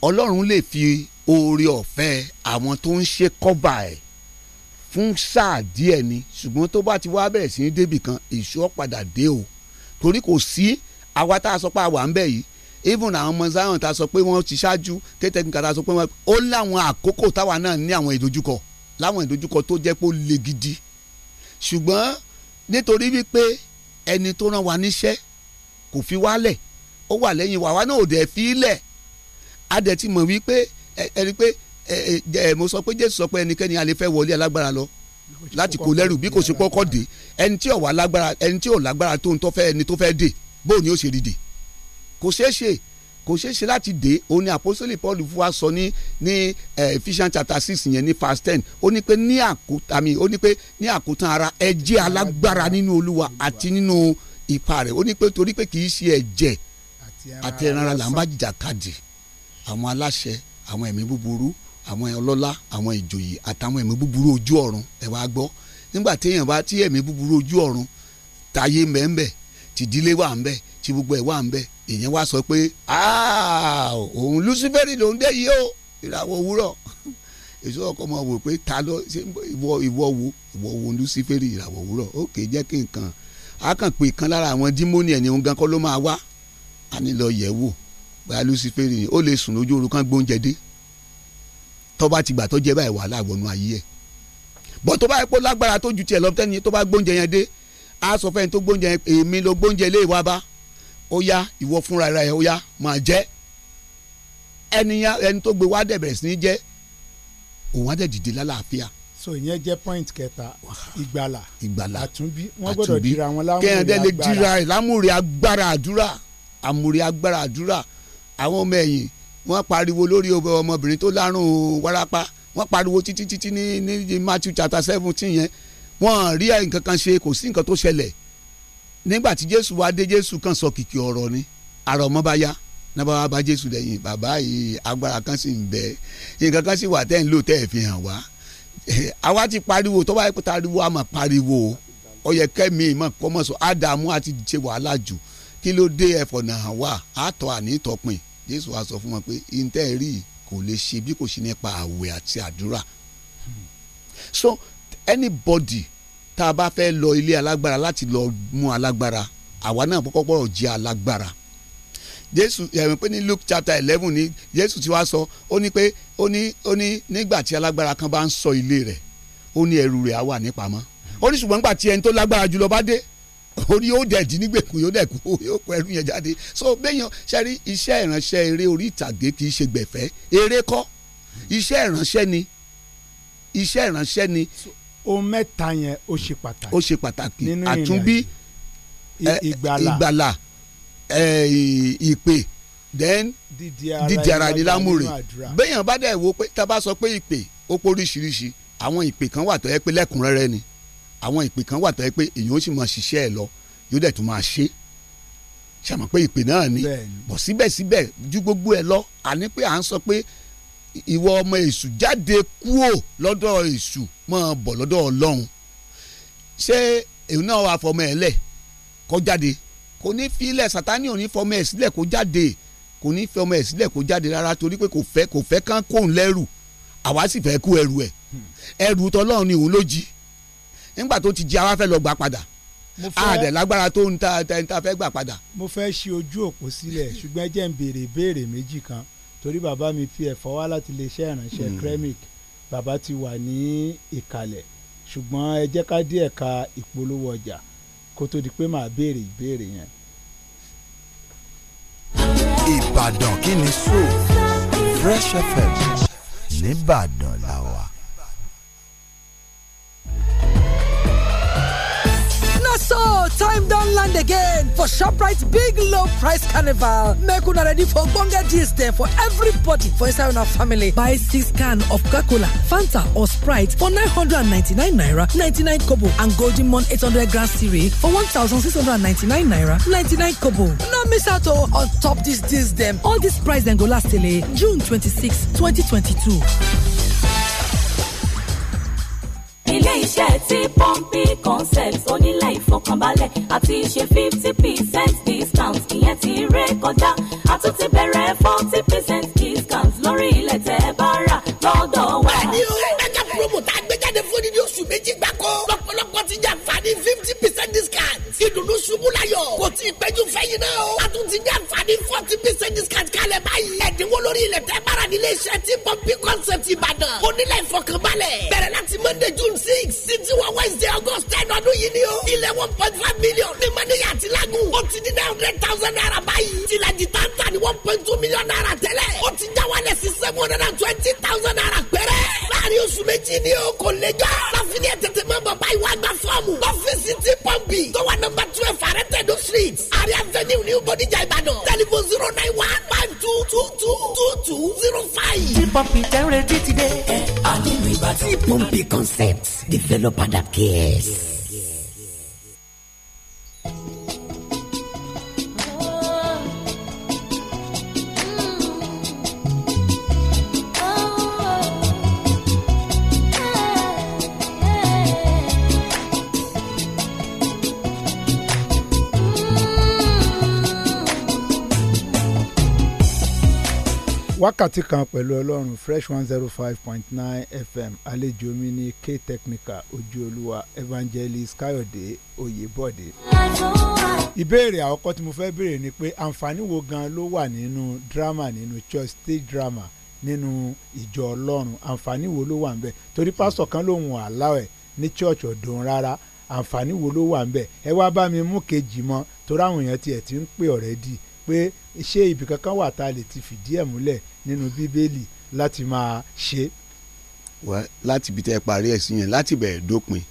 ọlọ́run lè fi oore ọ̀fẹ́ àwọn tó ń ṣe kọ́bà ẹ̀ fún sáà díẹ̀ ni ṣùgbọ́n tó bá ti wá bẹ̀rẹ̀ sí ní débì kan èṣù ọ̀padà dé o torí kò sí àwa tá a sọ pé a wà ń bẹ̀ yìí even àwọn ọmọ zion tá a sọ pé wọ́n ti ṣáájú kétẹ́kùn tá a sọ pé wọ́n ó láwọn àkókò táwa náà ní àwọn ìdojúkọ láwọn ìdojúkọ tó jẹ́ pé ó le gidi ṣùgbọ́n nítorí wípé ẹni tó rán wa níṣẹ́ kò fi wálẹ̀ ó wà lẹ́yìn wa náà ò dẹ̀ fi í lẹ̀ a ti mọ̀ wípé ẹni pé mo sọ pé Jésù sọ pé ẹnikẹ́ni a lè fẹ́ wọlé alágbára lọ láti kó lẹ́rù bí kò sí kọ́kọ́ dé ẹni tí ò wà lágbára ẹni tí ò lágbára tó ń tọ́ fẹ́ ẹni tó fẹ́ dé bó ni ó ṣe dìde kò ṣeé ṣe kò ṣeé ṣe láti dé òun ni apostoli paul fún wa sọ ní ní Ephesians chapter six yẹn ní verse ten ó ní pé ní àkótán mi ó ní pé ní àkótán ara ẹ alágbára nínú olúwa àti nínú ipa rẹ̀ ó ní pé torí pé kì í ṣe ẹ̀jẹ̀ àti ẹran ara là ń bá jàkadì àwọn aláṣẹ àwọn ẹ̀mí búburú àwọn ọlọ́lá àwọn ìjòyè àtàwọn ẹ̀mí búburú ojú ọ̀run ẹ wá gbọ́ nígbà téèyàn bá tí ẹ̀mí búburú ojú ọ̀run táyé ń bẹ ń bẹ tìdílé wà ń bẹ tí gbogbo ẹ̀ wà ń bẹ èèyàn wá sọ pé òun lúsífẹ́rì lòún dé yìí o ìràwọ̀ òwúrọ̀ èso ọkọ máa wò pé ta ló ṣe ìwọ ìwọ wo ìwọ wo lúsífẹ́rì ìràwọ̀ òwúrọ̀ òkè jẹ́ kí nǹkan á kàn pé kan lára àwọn dímọ́nì ẹ̀ ní òun gan kọ́ ló máa wá á ní yẹ̀ wò bóyá lucifere ó lè sùn lójú oorun kan gbóúnjẹ dé tó bá ti gbà tó jẹ báyìí wàhálà wọnú ayé ẹ̀ bọ́ tó bá yẹ kó lágbára tó ju tiẹ̀ lọ tẹ́ni tó bá gbóúnjẹ yẹn dé á sọ fẹ́ni tó gbóúnjẹ yẹn èmi ló gbóúnjẹ ilé ìwà bá ó yá ìwọ fúnra rẹ ó yá máa jẹ ẹni yá ẹni tó gbé wá dẹ̀ sí ní jẹ òun á dẹ̀ dìde lálàáfíà so ìyẹn jẹ point kẹta ìgbàlà ìgbàlà àtúnbí wọn gbọ́dọ̀ dira wọn lámúre agbára kẹhìndé lè dira lámúre agbára àdúrà àmúre agbára àdúrà àwọn ọmọ ẹ̀yìn wọ́n pariwo lórí ọmọbìnrin tó lárùn wárápá wọ́n pariwo títí títí ní ní Matthew chapter seventeen yẹn wọ́n rí nǹkan kan ṣe kò sí nǹkan tó ṣẹlẹ̀ nígbà tí Jésù wá dé Jésù kan sọ kìkì ọ̀rọ̀ ni àrọ̀ ọmọ bá yá nábà wá bá Jésù lẹ́yìn bàbá yìí agbára kan sì ń bẹ nǹkan kan sì wà tẹ́ ń lò tẹ́ ẹ̀ fi hàn wá àwa ti pariwo tó bá yẹ kó tariwo a máa pariwo ó yẹ kẹ́mi ìmọ̀ kọ́mọ̀sọ Ádámù àti ṣe wàhálà jù kí ló dé ẹ̀fọ̀nà hàn wá àtọ̀ àní tọpin jésù wa sọ fún wọn pé ìtẹ́ rí kò lè ṣe bí kò ṣe nípa àwẹ̀ àti àdúrà so anybody tá a bá fẹ́ lọ ilé alágbára láti lọ mú alágbára àwa náà kọ́kọ́ gbọ́dọ̀ jẹ́ alágbára jésù ẹ̀rìn pé ní luke chapter eleven ni jésù ti wá sọ ó ní pé ó ní ó ní nígbà tí alágbára kan bá ń sọ ilé rẹ̀ ó ní ẹrù rẹ̀ á wà nípamọ́ ó ní ṣùgbọ́n nígbà tí ẹni tó lágbára jùlọ bá dé orí yóò dẹ̀ dín nígbèkùn yóò dẹ̀ kú yóò kọ ẹrú yẹn jáde so bẹ́yàn sẹ́rí iṣẹ́ ìránṣẹ́ eré orí ìtàgé kì í ṣe gbẹ̀fẹ́ eré kọ́ iṣẹ́ ìránṣẹ́ ni iṣẹ́ ìránṣẹ́ ni. ohun mẹ́ta yẹn ó ṣe pàtàkì. ó ṣe pàtàkì àtúnbí ìgbàlà ìpè then dídi ara ẹni lámúre bẹ́yàn bá dẹ̀ wo pé tá a bá sọ pé ìpè ó pé oríṣiríṣi àwọn ìpè kan wà tó yẹ pé lẹ́kùnrẹ́rẹ́ ni àwọn ìpè kan wà tó yẹ pé èyàn ó sì máa ṣiṣẹ́ ẹ̀ lọ yóò dẹ̀ tún máa ṣe ṣàmọ̀ pé ìpè náà ni bọ̀ síbẹ̀síbẹ̀ ju gbogbo ẹ̀ lọ àní pé à ń sọ pé ìwọ ọmọ èṣù jáde kúò lọ́dọ̀ èṣù máa bọ̀ lọ́dọ̀ ọlọ́run ṣé èyí náà wà fọmọ ẹ̀ lẹ̀ kó jáde kò ní filẹ̀ sátani ò ní fọmọ ẹ̀ sílẹ̀ kó jáde kò ní fọmọ ẹ̀ sílẹ̀ kó jáde rárá torí pé kò fẹ́ kò fẹ́ kán kóun lẹ́rù àwa sì fẹ́ kú ẹrù ẹ̀ hmm. ẹrù tọ́lọ́run ni òun ló jí nígbà tó ti jẹ àwa fẹ́ lọ gbà padà àdẹ̀ lágbára tó ń ta ẹni tá a fẹ́ gbà padà. mo fẹ́ ṣe ojú òpó sílẹ̀ ṣùgbọ́n jẹ́ ń béèrè ìbéèrè méjì kan torí bàbá mi fi ẹ̀fọ́ wá láti iléeṣẹ́ ìrànṣẹ́ hmm. kremik bàbá ti wà ní ìkàlẹ̀ ṣùgbọ́n ẹ jẹ́ ká díẹ̀ ka ìpolówó ọjà kó tó di pé màá béèrè ìbéèrè yẹn. Ìbàdàn kí ni so Fresh FM nìbàdàn làwà. That's all. Time don land again for Shoprite's big low price carnival make una ready for ogbonge deals dem for everybody for inside una family buy six can of coca-cola fanta or sprite for 999 naira 99 kobo and golden mon 800 grand cereal for 1699 naira 99 kobo no miss out on top dis deals dem all these price then go last till eh, june 26 2022 ilé iṣẹ́ ti pọ́ǹpì concepts onílé ìfọkànbalẹ̀ àti ṣe fifty percent discount ìyẹn ti ré kọjá a tún ti bẹ̀rẹ̀ forty percent discount lórí ilẹ̀ tẹ́ bá rà lọ́dọ̀ wa. wọ́n ní o ẹ̀ka promo tá a gbé jáde fún nídìí oṣù méjì gbáko. lọ́k lọ́pọ̀lọpọ̀ ti jẹ àǹfààní fifty percent discount. ìdùnnú ṣubú layọ̀ kò tí ì péjú fẹ́yìn náà o. a tún ti jẹ àǹfààní forty percent discount kalẹ̀ báyìí. ẹ̀dínwó lórí ilẹ̀ tẹ́ bára nílé iṣẹ́ tí pọ́ńpì concept ìbàdàn. onílẹ̀ ìfọkànbalẹ̀ bẹ̀rẹ̀ láti monday june six sí tiwọn wednesday august ten ọdún yìí ni o. ilẹ̀ one point five million ní mọ́níyà àti lágùn. ó ti di nine hundred thousand naira báyìí. tìlàjì táǹtà ni one point two million naira tẹ́lẹ̀. ó ti twenty thousand naira péré. láàrin oṣù méjì ni o kò lè jọ. láfi ní ẹ̀ wá gba fọ́ọ̀mù. ọ́fíìsì ti pọ́ǹpì. tó wà nọmba twelve àrẹ tẹ̀dó street. àrẹ avenue ní bodijà ìbàdàn. Telephone zero nine one five two two two two two zero five. ti pọ́ǹpì tẹ́rẹ̀ títí dé. ẹ àlejò ìbàdàn. ti pọ́ǹpì concept developer that cares. Yeah. wákàtí kan pẹ̀lú ọlọ́run fresh one zero five point nine fm àlejò mi ní k-technical ojúolúwa evangelist káyọ̀dé oyèbọ̀dé. ìbéèrè àkọ́kọ́ tí mo fẹ́ béèrè ni pé àǹfààní wo gan ló wà nínú drama nínú church stage drama nínú ìjọ ọlọ́run àǹfààní wo ló wà ń bẹ torí pásítọ̀ kan lòun àláwẹ̀ ní church ọ̀dùn rárá àǹfààní wo ló wà ń bẹ ẹ wá bá mi mú kejì mọ́ torí àwọn èèyàn tiẹ̀ ti ń pè ọ̀rẹ́dì pé ṣé ibì kankan wà tá a lè ti fìdí ẹ̀ múlẹ̀ nínú bíbélì láti máa ṣe. wẹ́ láti ibi tẹ́ ẹ parí ẹ̀ sí yẹn láti bẹ̀rẹ̀ dópin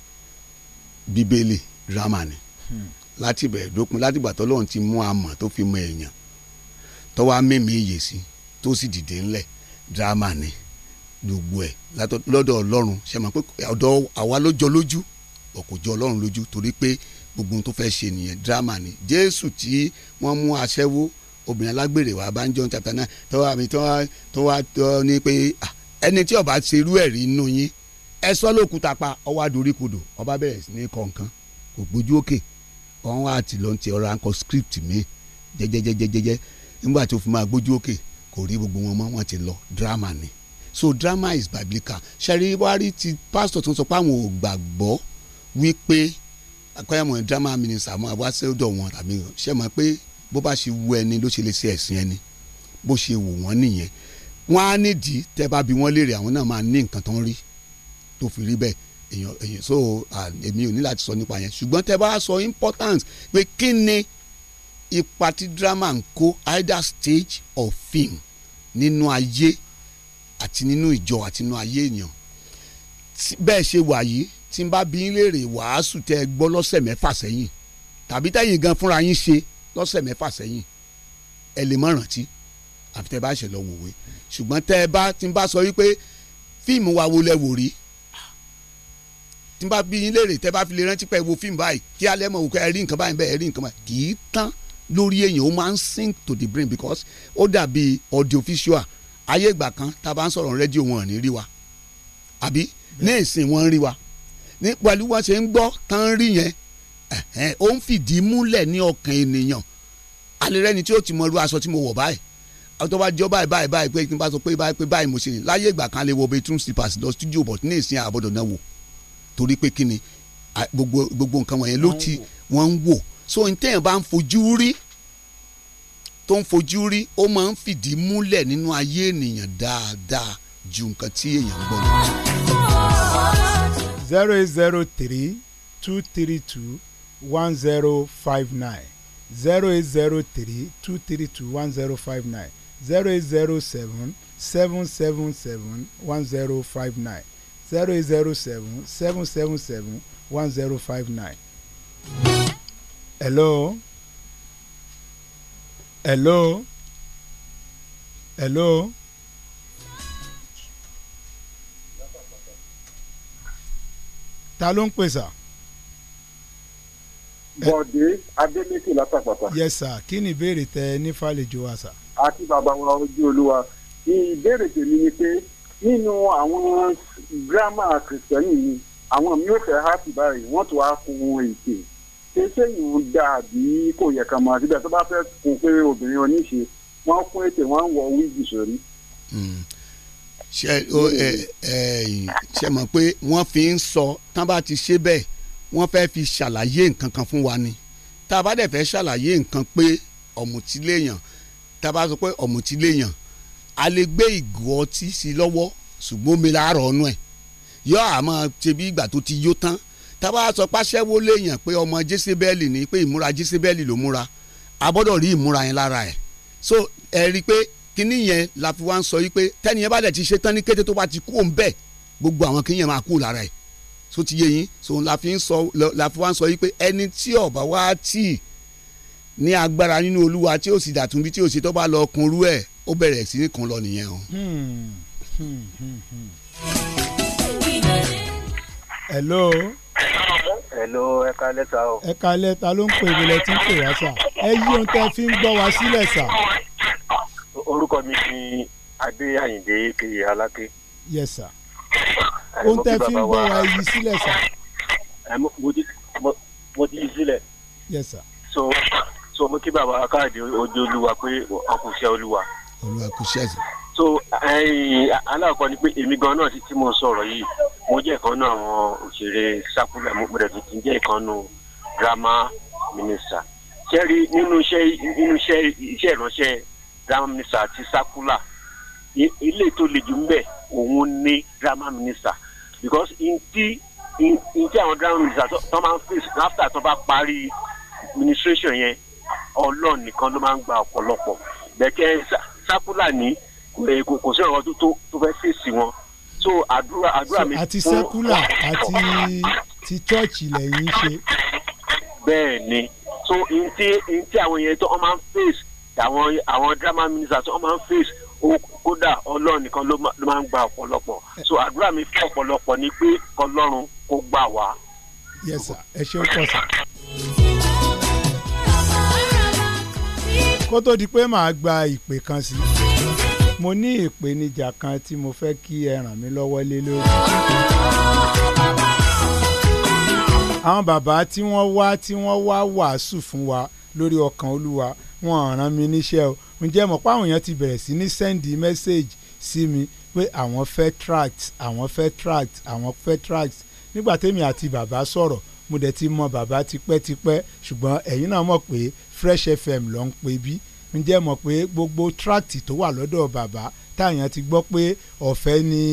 bíbélì rámà ni hmm. láti bẹ̀rẹ̀ dópin láti gbà tọ́lọ́run ti mú amọ̀ tó fi mọ èèyàn tọ́wọ́ amẹ́mí iyè sí tó sì dìde ńlẹ̀ dírámà ni gbogbo ẹ̀ lọ́dọ̀ ọlọ́run ṣe mọ̀ pé ọ̀dọ̀ àwa ló jọ lójú ọ̀kò jọ ọlọ́run lójú torí pé gbogbo ohun tó fẹ́ ṣe nìyẹn dírámà ni jésù tí wọ́n mú aṣẹ́wó obìnrin alágbèrè wa bá ń jọ chapter nine tó wà mí tó wà tó ní pé ẹni tí ọba ṣe irú ẹ̀ rí inú yín ẹ sọ lókùúta pa ọwọ́ adorí kodò ọba bẹ̀rẹ̀ sí ní kọ̀ọ̀kan kò gbójú òkè ọ̀hún àti lọ́n ti ọ̀rọ̀ àǹkọ́ script mi jẹ́jẹ́jẹ́jẹ́jẹ́ nígbà tó fi máa gbójú òkè kò rí gbogbo wọn mọ́ wọn ti lọ drama ni so drama is biblical ṣẹ́rí wárí ti pásítọ̀ tó ń sọ pé àwọn ò gbàgbọ́ wípé akọ́yàmọ̀ drama minister mọ́ àwa ṣẹ́dọ̀ wọn tàbí ṣẹ́ mọ́ pé bó bá ṣe wu ẹni ló ṣe lè ṣe ẹ̀sìn ẹni bó ṣe wù wọ́n nìyẹn wọ́n á nídìí tẹ́ bá bi wọ́n léèrè àwọn náà máa ní nǹkan tó ń rí tó fi rí bẹ́ẹ̀ èèyàn èèyàn so èmi ò ní láti sọ nípa yẹn ṣùgbọ́n tẹ́ bá sọ importance pé kí ni ipa tí drama ń kó either stage or film nínú ayé àti nínú ìjọ àti nínú ayé èèyàn bẹ́ẹ̀ ṣe wà yìí tí n bá bi í léèrè wàásù tẹ́ gbọ́ lọ́sẹ̀ mẹ́fà sẹ́yìn tàbí tẹ́yìn gan fúnra yín ṣe lọ́sẹ̀ mẹ́fà sẹ́yìn ẹ lè má rántí àfi tẹ́ bá ṣe lọ wòwe ṣùgbọ́n tẹ́ ẹ bá ti bá sọ wípé fíìmù wa wo lẹ wò rí tí n bá bí yín léèrè tẹ́ bá fi lè rántí pé wo fíìmù báyìí kí alẹ́ mọ̀ wò pé ẹ rí nǹkan báyìí bẹ́ẹ̀ ẹ rí nǹkan báyìí kì í tán lórí èèyàn ó máa ń sink to the brain because ó dàbí audio visual ayé ìgbà kan tá a bá ń sọ̀rọ̀ rédíò wọn ò ní rí wa àbí ní ìsìn wọn ń rí wa ní pẹ̀lú wọn ṣe ń gbọ́ tán rí yẹn ó ń fìdí múlẹ̀ ní ọkàn ènìyàn alẹ́rẹ́ni tí ó ti mọ irú aṣọ tí mo wọ̀ báyìí tó bá jọ báyìí báyìí báyìí pé tí n bá sọ pé báyìí pé báyìí mo ṣe ní láyé ìgbà kan lè wọ bedroom slippers lọ studio but ní ìsìn àbọ̀dọ̀ náà wò torí pé kí ni gbogbo nǹkan wọ̀nyẹn ló ti wọ́n ń wò so n tẹ́yìn bá ń fojú rí tó ń fojú rí ó máa ń fìdí múlẹ̀ nínú ayé ènìyàn dáadáa ju nǹkan tí èèyàn ń gbọ́ zero eight zero three two three two one zero five nine zero eight zero three two three two one zero five nine zero eight zero seven seven seven seven one zero five nine zero eight zero seven seven seven seven one zero five nine. hello hello hello. ta ló ń pè sá bọ̀dé adélékè látàpàtà. yes sir kí ni ìbéèrè tẹ nífàlejò wa sà. àti bàbá wa ojú olúwa ìbéèrè tèmi ni pé nínú àwọn gírámà kìrìsìtẹ́nì ni àwọn mi ò fẹ́ hápì báyìí wọ́n tún á kun ètè ṣé sẹ́yìn ń dà bí kò yẹ ká máa síbẹ̀ tó bá fẹ́ kun pé obìnrin oníṣe wọ́n kún ètè wọ́n ń wọ wíìgì sórí. Hmm. ṣe mọ̀ pé wọ́n fi ń sọ tán bá ti ṣe bẹ́ẹ̀ wọ́n fẹ́ fi ṣàlàyé nǹkan kan fún wa ni tá a bá dẹ̀ fẹ́ ṣàlàyé nǹkan pé ọ̀mùtíléèyàn tá a bá sọ pé ọ̀mùtíléèyàn a lè gbé ìgò ọtí sí i lọ́wọ́ ṣùgbọ́n omi láàárọ̀ ọ̀nù ẹ̀ yọ àmọ́ ṣe bí ìgbà tó ti yó tán tá a bá sọ pàṣẹwó léèyàn pé ọmọ jésébẹ́lì ni pé ìmúra jésébẹ́lì ló múra a gbọ́dọ̀ rí ìmúra yẹn lára ẹ̀ so ẹ rí i pé kíní yẹn la fi wá ń sọ yìí pé tẹ́niyẹn bá dẹ̀ ti ṣe tán ní kété tó bá ti kú òun bẹ́ẹ̀ gbogbo àwọn kíní máa kú lára ẹ̀ so ti yé yín so la fi ń sọ la fi wá ń sọ yìí pé ẹni tí ọba wá tì ní agbára nínú olúwa tí ó sì dàtún tí ó sì tó lọ kunrú ẹ ó bẹ̀rẹ̀ sí ní kun lọ nìyẹn o. hello. hello ẹ lẹ́ta o. ẹ lẹ́ta ló ń pè mí lẹ tí ń pè wá sà ẹ yí ohun tẹ́ fi ń gbọ́ wá sílẹ̀ sà. orúkọ mi ni adé àyìndé kiri aláké. yes sir ohun tẹ́ fi ń gbọ́ wa yìí sílẹ̀ sà. mo ti yí sílẹ̀. so so mo kí bàbá káàdì ojú olúwa pé ọkùnṣẹ́ olúwa. olúwa kò ṣe àṣẹ. so aláàkọ́ ni pé èmi gan náà tí mo sọ̀rọ̀ yìí mo jẹ́ ìkan náà àwọn òṣèré sákúlà mo rẹ̀ tuntun jẹ́ ìkan nù drama minister ṣẹ́rí nínú iṣẹ́ nínú iṣẹ́ iṣẹ́ ìránṣẹ́ drama minister àti sákúlà ilé tó le jù ń bẹ̀ òun ni drama minister because ntí ntí àwọn drama minister tó máa ń face after tó bá parí administration yẹn ọlọ́ọ̀ nìkan ló máa ń gba ọ̀pọ̀lọpọ̀ bẹ́ẹ̀ sákúlà ní kò sí ọ̀rọ̀ tó fẹ́ fèsì wọn so àdúrà àdúrà mi. àti sẹ́kúlà àti ti chọ́ọ̀chì lẹ́yìn ṣe. bẹ́ẹ̀ so n tí àwọn yẹn tó wọ́n máa ń face àwọn àwọn drama minister tó wọ́n máa ń face kódà ọlọ́run nìkan ló máa ń gba ọ̀pọ̀lọpọ̀ so àdúrà mi fún ọ̀pọ̀lọpọ̀ ni pé ọlọ́run kó gbà wá. yes sir ẹ ṣeun pọ sá. kó tó di pé màá gba ìpè kan sí mo ní ìpèníjà kan tí mo fẹ́ kí ẹ ràn mí lọ́wọ́ lé lórí. àwọn bàbá tí wọ́n wá tí wọ́n wá wàásù fún wa lórí ọkàn olúwa wọn ràn mí níṣẹ́ o ǹjẹ́ mọ̀ pé àwọn èèyàn ti bẹ̀rẹ̀ sí ní sẹ́ndì mẹ́sáàgì sí mi pé àwọn fẹ́ tract àwọn fẹ́ tract àwọn fẹ́ tract nígbà tèmi àti bàbá sọ̀rọ̀ mo dẹ̀ ti mọ bàbá tipẹ́tipẹ́ ṣùgbọ́n ẹ̀yin náà mọ̀ pé Fresh FM ló ń pè bí ǹjẹ́ mọ̀ pé gbogbo tract tó wà lọ́dọ̀ bàbá táyàn ti gbọ́ pé ọ̀fẹ́ ni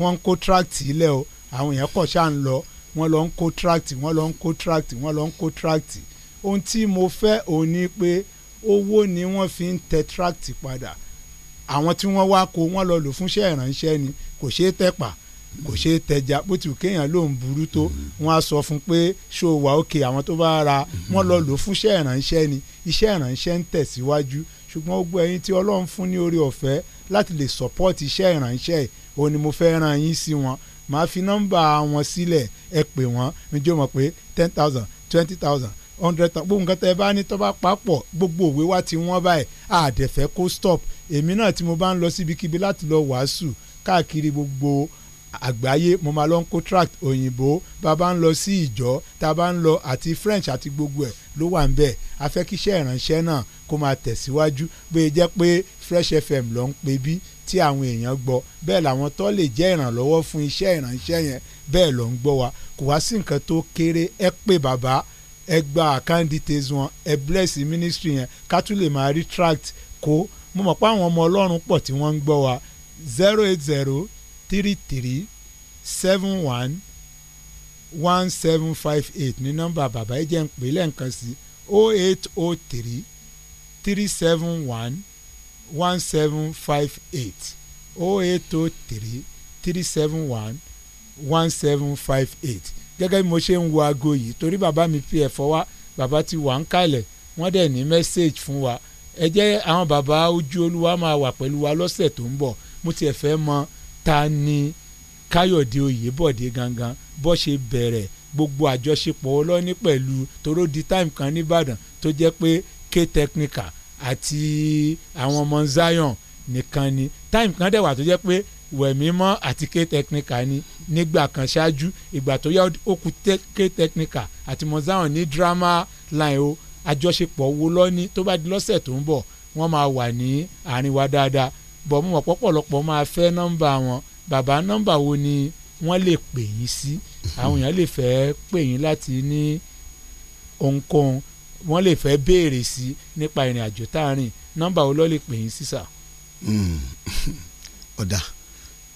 wọ́n ń kó tract ilẹ̀ o àwọn èèyàn kọ̀ ṣáà ń lọ wọ́n lọ ń kó tract wọ́n lọ ń kó tract wọ́n lọ ń kó tract ohun tí mo fẹ́ òun ni pé owó ni wọ́n fi ń tẹ tract padà àwọn tí wọ́n wá kó wọ́n lọ lò fúnṣẹ́ ìránṣẹ́ ni kò ṣeé tẹ̀ pa kò ṣeé tẹja bó ti kéèyàn ló ń burú tó mm-hmm. wọn á sọ fún pé ṣó wà òkè àwọn tó bá ra mm-hmm. wọn lọ lò fún ìránṣẹ́ ni iṣẹ́ ìránṣẹ́ ń tẹ̀síwájú ṣùgbọ́n gbogbo ẹ̀yin tí Ọlọ́run fún ní orí ọ̀fẹ́ láti lè support iṣẹ́ ìránṣẹ́ ẹ̀ òun ni mo fẹ́ ran yín sí wọn màá fi nọ́mbà wọn sílẹ̀ ẹ pè wọ́n ǹjẹ́ o pé ten thousand twenty thousand hundred tán gbogbo nǹkan tẹ́ ẹ bá ní tó bá papọ̀ gbogbo òwe wa ti wọ́n báyìí àdẹ̀fẹ́ kó stop èmi náà tí mo bá ń lọ síbikíbi láti lọ wàásù káàkiri gbogbo àgbáyé mo máa lọ ń kó tract òyìnbó bá a bá ń lọ sí ìjọ tá a bá ń lọ àti French àti gbogbo ẹ̀ ló wà ń bẹ̀ a fẹ́ kíṣẹ́ ìránṣẹ́ náà kó máa tẹ̀síwájú bóyá jẹ́ pé Fresh FM ló ń pe bí tí àwọn èèyàn gbọ́ bẹ́ẹ̀ làwọn tó lè jẹ́ ìrànlọ́wọ́ fún iṣẹ́ ìránṣẹ́ yẹn bẹ́ẹ̀ ló ń gbọ́ wa kò wá sí nǹkan tó kéré ẹ pé bàbá ẹ gba account details wọn ẹ bless ministry yẹn ká tún lè máa retract kó mo mọ̀ pé àwọn ọmọ ọlọ́run pọ̀ tí wọ́n ń gbọ́ wa zero eight zero three three seven one one seven five eight ní nọ́mbà bàbá ẹ jẹ́ ń pè lẹ́ǹkan sí o oh eight o oh three three seven one one seven five eight o oh eight o three three seven one one seven five eight gẹ́gẹ́ bí mo ṣe ń wo aago yìí torí bàbá mi fi ẹ̀fọ́ wá bàbá ti wà ń kalẹ̀ wọ́n dẹ̀ ní mẹ́sáàgì fún wa ẹ jẹ́ àwọn bàbá ojú olúwa máa wà pẹ̀lú wa lọ́sẹ̀ tó ń bọ̀ mo tiẹ̀ fẹ́ mọ ta ni káyọ̀dé oyèbọ̀dé gangan bó ṣe bẹ̀rẹ̀ gbogbo àjọṣepọ̀ ọlọ́ni pẹ̀lú toró di time kan nìbàdàn tó jẹ́ pé k-technical àti àwọn ọmọ zion nìkan ni time kan dẹ̀ wà tó jẹ́ pé wẹ̀mímọ́ àti k technical ni nígbà kan ṣáájú ìgbà tó yá ó k technical àti mọ̀záhàn ní drama line o àjọṣepọ̀ wo lọ́ní tó bá di lọ́sẹ̀ tó ń bọ̀ wọ́n máa wà ní àárín wa dáadáa bọ̀ mọ̀ pọ̀pọ̀lọpọ̀ máa fẹ́ nọ́mbà wọn bàbá nọ́mbà wo ni wọ́n lè pè yín sí àwọn èèyàn lè fẹ́ pè yín láti ní ohunkóhun wọ́n lè fẹ́ béèrè sí nípa ìrìn àjò tá nọ́mbà wo ló lè pè yín sí sà. Hmm. ọ̀dà. Mm.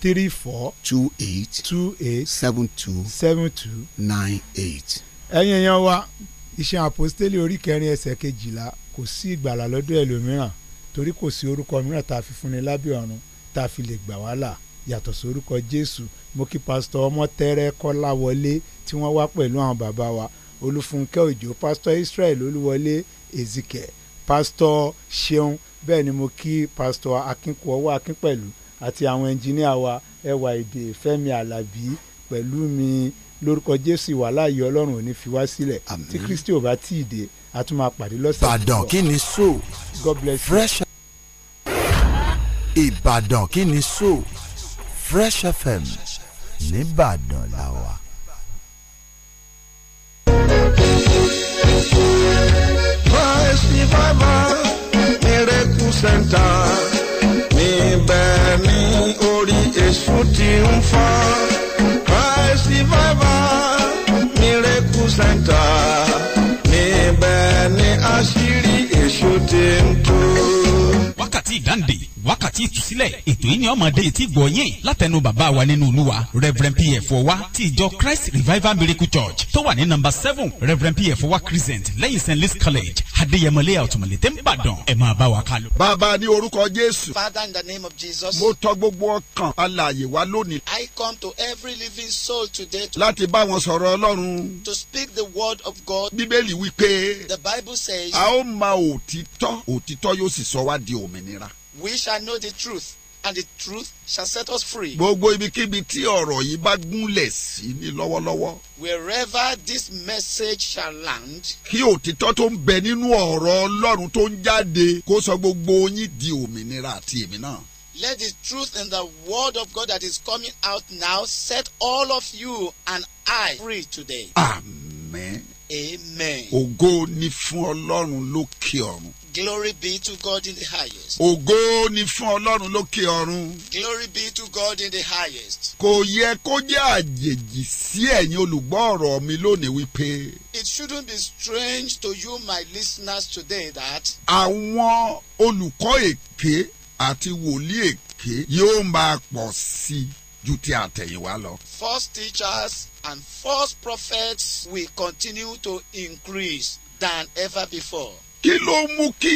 three four two eight two eight seven two seven two nine eight. ẹ̀yin èèyàn wa iṣẹ́ àpòstélì orí kẹrin ẹsẹ̀ kejìlá kò sí ìgbàlà lọ́dọ̀ ẹlòmíràn torí kò sí orúkọ mìíràn tá a fi fúnni lábẹ́ ọ̀run tá a fi lè gbà wá là yàtọ̀ sórúkọ jésù mo kí pásítọ̀ ọmọ tẹ́rẹ́ kọ́lá wọlé tí wọ́n wá pẹ̀lú àwọn bàbá wa olúfúnkẹ́ òjò pásítọ̀ israel olúwọlé ezike pásítọ̀ ṣeun bẹ́ẹ̀ ni mo kí pásítọ̀ akínkù ọwọ́ akín àti àwọn ẹnjìníà wa ẹwà èdè fẹ́mi alábí pẹ̀lú mi lórúkọ jésù wà láàyè ọlọ́run ò ní fi wá sílẹ̀ tí kristi ò bá tí ì dé a tún máa pàdé lọ́sẹ̀. ìbàdàn kí ni so fresh ìbàdàn kí ni so fresh fm nìbàdàn làwà. Christ revival miracle center ibẹ̀ ní orí èṣù ti ń fọ́ Christ revival miracle center níbẹ̀ ní àṣírí èṣù ti ń tú. wákàtí ìdáǹdè wákàtí ìtúsílẹ̀ ètò yìí ni ọmọ dé etí gbọ̀ yín látẹnu bàbá wa nínú olúwa reverend pf ọwa ti ìjọ christ revival miracle church tó wà ní number seven reverend pf ọwa crescent lẹ́yìn st louis college adéyẹmọlẹ́ àtùmọ̀lẹ́ tẹ́ ń bàdàn ẹ̀ máa bá wa kálọ. bàbá ní orúkọ jésù. father in the name of jesus. mo tọ gbogbo ọkàn alààyè wa lónìí. i come to every living soul today. To láti bá wọn sọ̀rọ̀ ọlọ́run. to speak the word of God. bíbélì wípé. the bible says. a ó ma òtítọ́ òtítọ́ yóò sì sọ wá di òmìnira we shall know the truth and the truth shall set us free. gbogbo ibikíbi tí ọ̀rọ̀ yìí bá gúnlẹ̀ sí ní lọ́wọ́lọ́wọ́. wherever this message shall land. kí òtítọ́ tó ń bẹ nínú ọ̀rọ̀ ọlọ́run tó ń jáde kó sọ gbogbo yín di òmìnira àti èmi náà. Let the truth and the word of God that is coming out now set all of you and I free today. Amen. Amen. Ògo ni fún Ọlọ́run lókè ọ̀run. Glory be to God in the highest. Ògo ni fún Ọlọ́run lókè ọ̀run. Glory be to God in the highest. Kò yẹ kó jẹ́ àjèjì sí ẹ̀yin olùgbọ́ ọ̀rọ̀ mi lónìí wípé. It shouldn't be strange to you my listeners today that. Àwọn olùkọ́ èké àti wòlíì èké yóò máa pọ̀ sí i ju ti àtẹ̀yìnwá lọ. False teachers and false prophets will continue to increase than ever before kí ló mú kí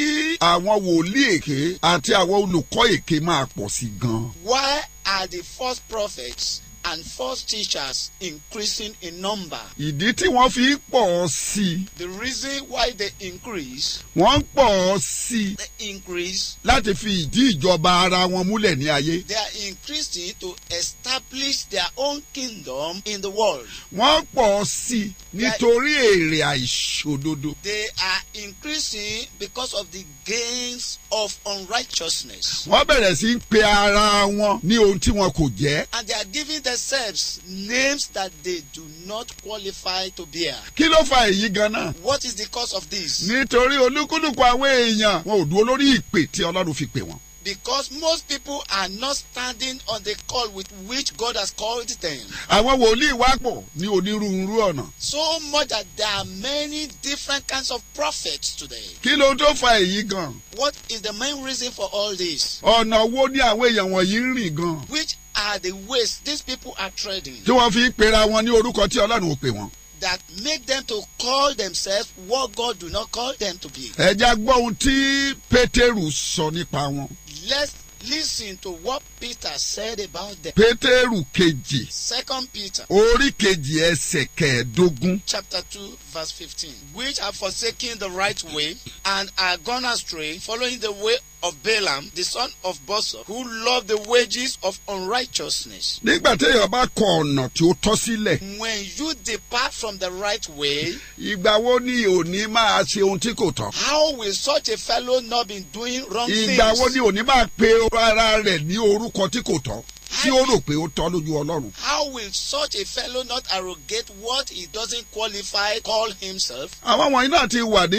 àwọn wòlíì èké àti àwọn olùkọ́ èké máa pọ̀ sí gan. why are the false prophets and false teachers increasing in number. Ìdí tí wọ́n fi pọ̀ sí. The reason why they increase. Wọ́n pọ̀ sí. They increase. Láti fi ìdí ìjọba ara wọn múlẹ̀ ní ayé. They are increasing to establish their own kingdom in the world. Wọ́n pọ̀ sí nítorí èrè àìṣòdodo. They are increasing because of the gains of unrighteousness. Wọ́n bẹ̀rẹ̀ sí ń pe ara wọn ní ohun tí wọn kò jẹ́. And they are giving them themselves names that they do not qualify to bear. kí ló fa èyí ganan. what is the cause of this. nítorí olúkúlùkù àwọn èèyàn wọn ò dúró lórí ìpè tí ọlọ́run fi pè wọ́n. Because most people are not standing on the call with which God has called them. Àwọn wòlíì wá pọ̀ ní onírúurú ọ̀nà. So much that there are many different kinds of prophets today. Kí ló tó fa èyí gan? What is the main reason for all this? Ọ̀nà wo ni àwọn èèyàn wọ̀nyí ń rìn gan? Which are the ways these people are treading. tí wọ́n fi pera wọn ní orúkọ tí ọlọ́run ò pè wọ́n. that make them to call themselves what God do not call them to be. ẹ gbọ́ ohun tí pétérù sọ nípa wọn. let's lis ten to what Peter said about them. Pétérù kejì. Second Peter. Orí kejì ẹsẹ̀ kẹẹ̀dógún. Chapter two verse fifteen. Which are forsaking the right way and are gone astray following the way of Balaam the son of Bosor who loved the wages of unrighteousness. Nígbà téèyàn bá kọ ọ̀nà tí ó tọ́ sílẹ̀. When you depart from the right way. Ìgbà wo ni òní máa ṣe ohun tí kò tọ́? How will such a fellow not be doing wrong things? Ìgbà wo ni òní máa pe ara rẹ̀ ní orúkọ? orúkọ tí kò tọ́ tí ó rò pé ó tọ́ lójú ọlọ́run. how will such a fellow not arrogate what he doesn't qualify call himself. àwọn wọ̀nyí náà ti wà ní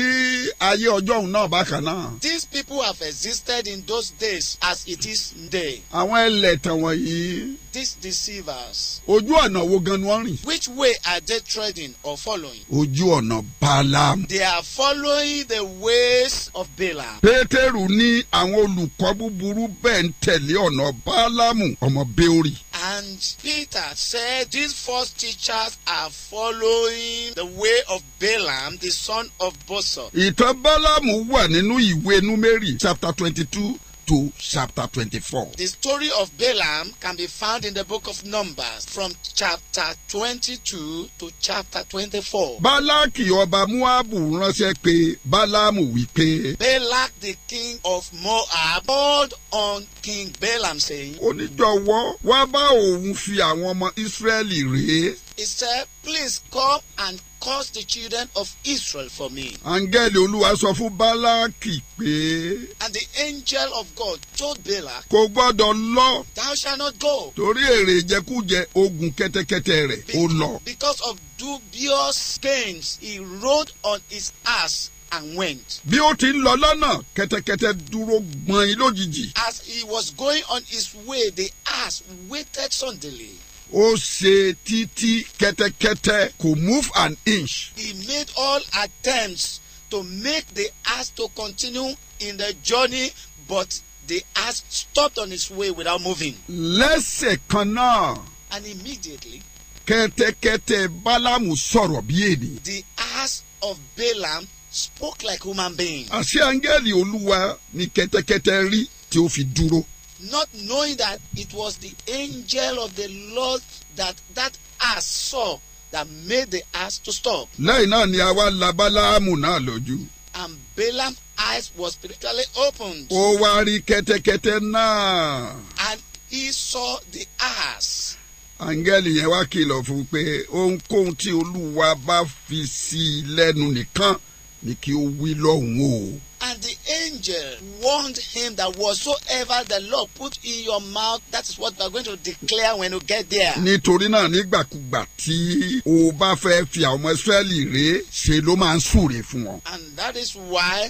ayé ọjọ́ òun náà bákan náà. these people have existed in those days as it is today. àwọn ẹlẹ́tàn wọ̀nyí these deceivers. ojú ọ̀nà wo gan ni wọ́n rìn. which way are they treading or following. ojú ọ̀nà Balaam. they are following the ways of Balaam. Pétérù ní àwọn olùkọ́ búburú bẹ́ẹ̀ ń tẹ̀lé ọ̀nà Bálámù ọmọ Béórì. And Peter said these false teachers are following the way of Balaam the son of Bosor. Ìtàn Bálámù wà nínú ìwé Númérì chapter twenty-two to chapter 24. The story of Balaam can be found in the book of Numbers from chapter 22 to chapter 24. Bálákì ọba Moabu ránṣẹ́ pé Bálámù wí Balak the king of Moab called on King Balaam saying. Ó ní bá òun fi àwọn ọmọ Ísírẹ́lì rèé. He said, Please come and curse the children of Israel for me. Áńgẹ́lì Olúwa sọ fún Bálákì pé. And the angel of God told Balak. Kò gbọ́dọ̀ lọ. Thou shalt not go. Torí èrè ìjẹkújẹ ogun kẹ́tẹ́kẹ́tẹ́ rẹ̀ ó lọ. Because of dubious pains he rode on his ass and went. Bí ó ti ń lọ lọ́nà, kẹ́tẹ́kẹ́tẹ́ dúró gbọ̀n in lójijì. As he was going on his way, the ass waited suddenly ó ṣe títí kẹ́tẹ́kẹ́tẹ́ kò move an inch. he made all attempts to make the ass to continue in the journey but the ass stopped on its way without moving. lẹ́sẹ̀ kan náà. and immediately. kẹ́tẹ́kẹ́tẹ́ bálámù sọ̀rọ̀ bí èdè. the ass of balaam spoke like human being. àṣé áńgẹ́lì olúwa ni kẹ́tẹ́kẹ́tẹ́ rí tí ó fi dúró not knowing that it was the angel of the Lord that that ass saw that made the ass to stop. lẹ́yìn náà ni a la Báláámù náà lójú. and Balaam's eyes were spiritually opened. ó wá rí kẹ́tẹ́kẹ́tẹ́ náà. and he saw the ass. áńgẹ́lì yẹn wá kìlọ̀ fún un pé ohunkóhun tí Olúwa bá fi sí i lẹ́nu nìkan ni kí ó wí lọ́hùn o. And the angel warned him that whatsoever the Lord put in your mouth, that is what we are going to declare when you get there. Nítorí náà nígbàkúgbà tí o bá fẹ́ fi àwọn ọmọ Ísírẹ́lì ré ṣe ló máa ń súre fún wọn. And that is why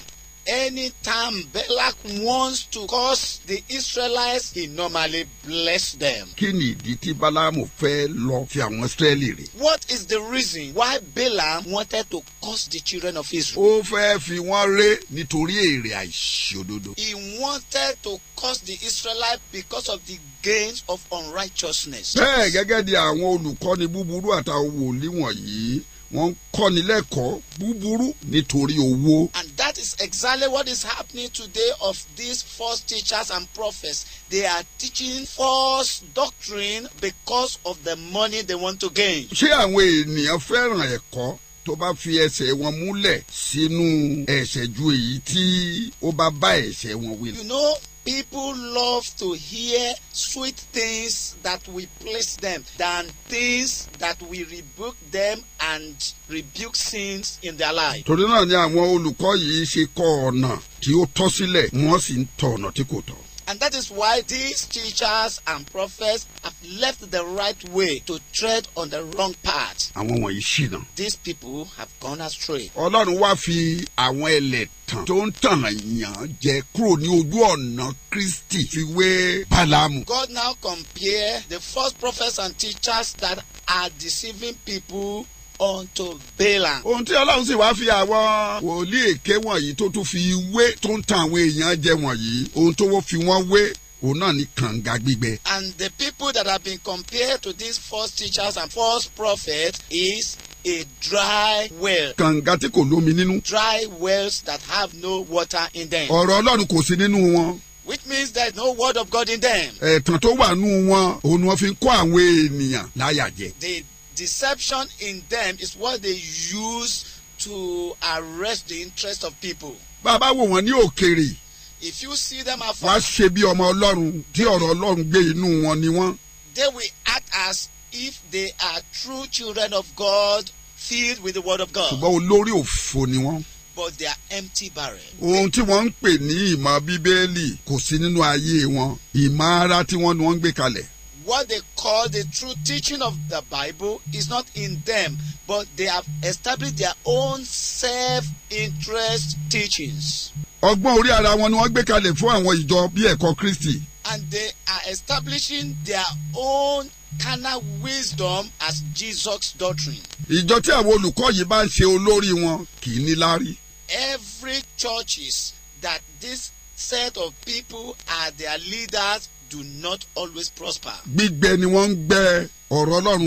anytime Balak wants to curse the Israelites, he normally bless them. Kí ni ìdí tí Bálámù fẹ́ lọ fi àwọn Ísírẹ́lì rè? What is the reason why Balaam wanted to curse the children of Israel? Ó fẹ́ fi wọ́n ré nítorí èrè àìṣòdodo. He wanted to curse the Israelites because of the gains of unrighteousness. Bẹ́ẹ̀ gẹ́gẹ́ di àwọn olùkọ́ni búburú àtàwọn wòlíì wọ́n ń kọ́ni lẹ́kọ̀ọ́ búburú nítorí owó. and that is exactly what is happening today of these false teachers and prophets they are teaching false doctrine because of the money they want to gain. ṣé àwọn ènìyàn fẹ́ràn ẹ̀kọ́ tó bá fi ẹsẹ̀ wọn múlẹ̀ sínú ẹ̀ṣẹ̀ ju èyí tí ó bá bá ẹ̀ṣẹ̀ wọn wí. you know People love to hear sweet things that we please them than things that we rebuke them and rebuke sins in their life. Torí náà ni àwọn olùkọ́ yìí ṣe kọ́ ọ̀nà tí ó tọ́ sílẹ̀ wọ́n sì ń tọ̀ ọ̀nà tí kò tọ́. And that is why these teachers and prophets have left the right way to tread on the wrong path. Àwọn wọ̀nyí ṣìnà. These people have gone astray. Ọlọ́run wá fi àwọn ẹlẹ̀ tàn tó ń tàn yàn jẹ kúrò ní ojú ọ̀nà Kristi fi wé Bálámù. God now compare the false prophets and teachers that are deceiving people unto Balaam. ohun tí ọlọ́run sì wáá fi àwọn wòlíì èké wọ̀nyí tó tún fi wé tó ń tan àwọn èèyàn jẹ wọ̀nyí ohun tó fi wọ́n wé òun náà ní kànga gbígbẹ. and the people that have been compared to these false teachers and false prophets is a dry well. kànga tí kò lómi nínú. dry wells that have no water in them. ọ̀rọ̀ ọlọ́run kò sí nínú wọn. which means there is no word of God in them. ẹ̀tàn tó wà nù wọn òun ni wọ́n fi kó àwọn ènìyàn láyà jẹ. the deception in them is what they use to arrest the interest of people. bàbá wò wọ́n ní òkèèrè. if you see them afar. wàá ṣe bí ọmọ ọlọ́run tí ọ̀rọ̀ ọlọ́run gbé inú wọn ni wọ́n. they will act as if they are true children of God filled with the word of God. ṣùgbọ́n olórí òfò ni wọ́n. but they are empty barren. ohun tí wọ́n ń pè ní ìmọ̀ bíbélì kò sí nínú ayé wọn ìmọ̀ ara tí wọ́n ni wọ́n ń gbé kalẹ̀ what they call the true teaching of the Bible is not in them, but they have established their own self-interest teachings. Ọgbọ́n orí ara wọn ni wọ́n gbé kalẹ̀ fún àwọn ìjọ bí ẹ̀kọ́ Kristi. And they are establishing their own carnal wisdom as Jesus' doctrine. Ìjọ tí àwọn olùkọ́ yìí bá ń ṣe olórí wọn kì í ní lárí. Every churches that this set of people are their leaders do not always prosper. gbígbẹ ni wọ́n ń gbẹ ọ̀rọ̀ ọlọ́run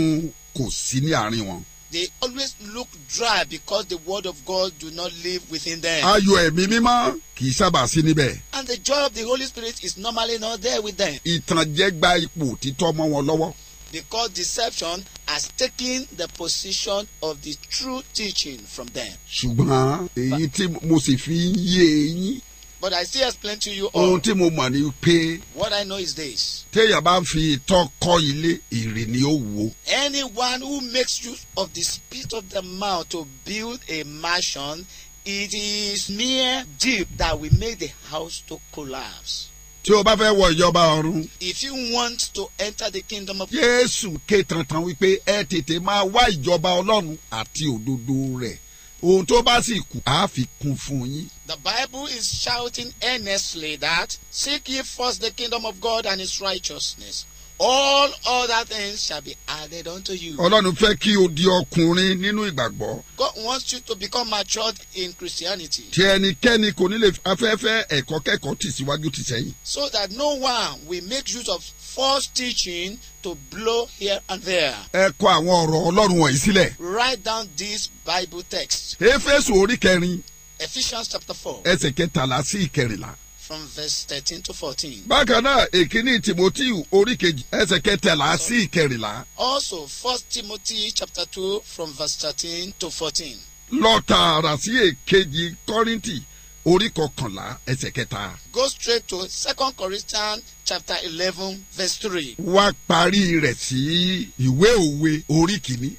kò sí ní àárín wọn. they always look dry because the word of God do not live within them. ayọ̀ ẹ̀mí mímọ́ kì í sábà sí níbẹ̀. and the joy of the holy spirit is normally not there with them. ìtànjẹ gba ipò títọ́ mọ́ wọn lọ́wọ́. because deception has taken the position of the true teaching from them. ṣùgbọ́n èyí tí mo sì fi ń yé eyín but I still explain to you all. ohun tí mo mọ̀ ni pé. what I know is this. téèyàn bá ń fi itọ́ kọ́ ilé èrè ni ó wo. anyone who makes use of the spit of the mouth to build a mansion it is mere deep that we make the house to collapse. tí o bá fẹ́ wọ ìjọba ọ̀run. if you want to enter the kingdom of. Jésù ké tantan wípé ẹ tètè máa wá ìjọba Ọlọ́run àti òdodo rẹ̀ ohun tó bá sì kù á fi kún fún yín. The Bible is shouting earnestly that seek ye first the kingdom of God and his righteousness all other things shall be added unto you. ọlọ́run fẹ́ kí o di ọkùnrin nínú ìgbàgbọ́. God wants you to become matured in Christianity. tí ẹnikẹ́ni kò ní afẹ́fẹ́ ẹ̀kọ́ kẹ́kọ̀ọ́ tì síwájú tì sẹ́yìn. so that no one will make use of false teaching to blow here and there. ẹ kọ àwọn ọ̀rọ̀ ọlọ́run wọ̀nyí sílẹ̀. write down this Bible text. Éfésù orí kẹrin. Ephesians chapter four. ẹsẹ̀ kẹtàlá sí ìkẹrìnlá from verse thirteen to fourteen. bákan náà èkíní timothy orí kejì ẹsẹ̀ sí ìkẹrìnlá. also first timothy chapter two from verse thirteen to fourteen. lọ tààrà sí èkejì kọ́rìntì orí kọkànlá ẹsẹ̀ kẹta. go straight to second corinthians chapter eleven verse three. wá parí rẹ̀ sí ìwé òwe orí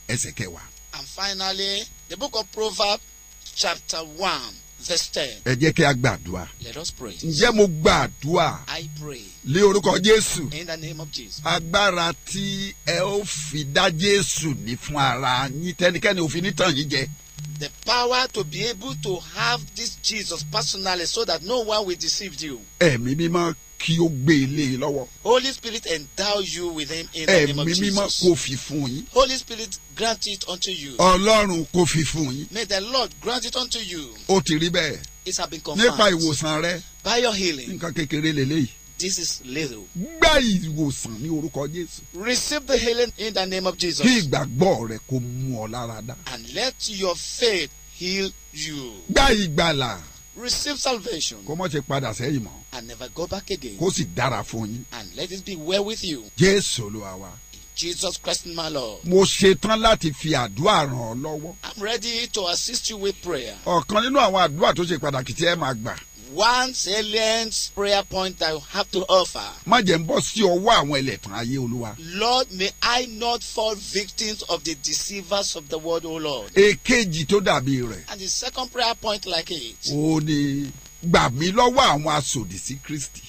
ẹsẹ̀ kẹwàá. and finally the book of proverbs chapter one ẹ jẹ́ kí a gbàdúrà. let us pray. ǹjẹ́ mo gbàdúrà. I pray. lé orúkọ Jésù. in the name of Jesus. agbára tí ẹ ó fi dá Jésù ní fún ara yín tẹnikẹ́ni òfin nítàn yín jẹ. the power to be able to have this Jesus personally so that no one will deceive you. ẹ̀mí mímọ́ kí ó gbé e lé lọ́wọ́. holy spirit endow you with him in the name of jesus. ẹ̀mí mímọ́ kò fi fún yín. holy spirit grant it unto you. ọlọ́run kò fi fún yín. may the lord grant it unto you. ó ti rí bẹ́ẹ̀. it has been confirmed. nípa ìwòsàn rẹ. by your healing. nǹkan kékeré lélẹ́yìí. This is little. Gbá ìwòsàn ní orúkọ Jésù. Receive the healing in the name of Jesus. Kí ìgbàgbọ́ rẹ kó mú ọ lára dá. And let your faith heal you. Gbá ìgbàlà receive salvation. kó mọ̀ ṣe padà sẹ́yìn mọ́. and never go back again. kó sì dára fún yín. and let it be well with you. jésù olúwa wa. Jesus Christ my Lord. Mo ṣetán láti fi àdúrà ràn ọ́ lọ́wọ́. I'm ready to assist you with prayer. Ọ̀kan nínú àwọn àdúrà tó ṣe pàtàkì tí ẹ máa gbà one salient prayer point I have to offer. Má jẹ́ n bọ́ sí ọwọ́ àwọn ẹlẹ́tàn ayé Olúwa. Lord, may I not fall victim of the deceivers of the world, O Lord. Èkejì tó dàbí rẹ̀. And the second prayer point like it. Ó ní gbà mí lọ́wọ́ àwọn asòdì Kristi.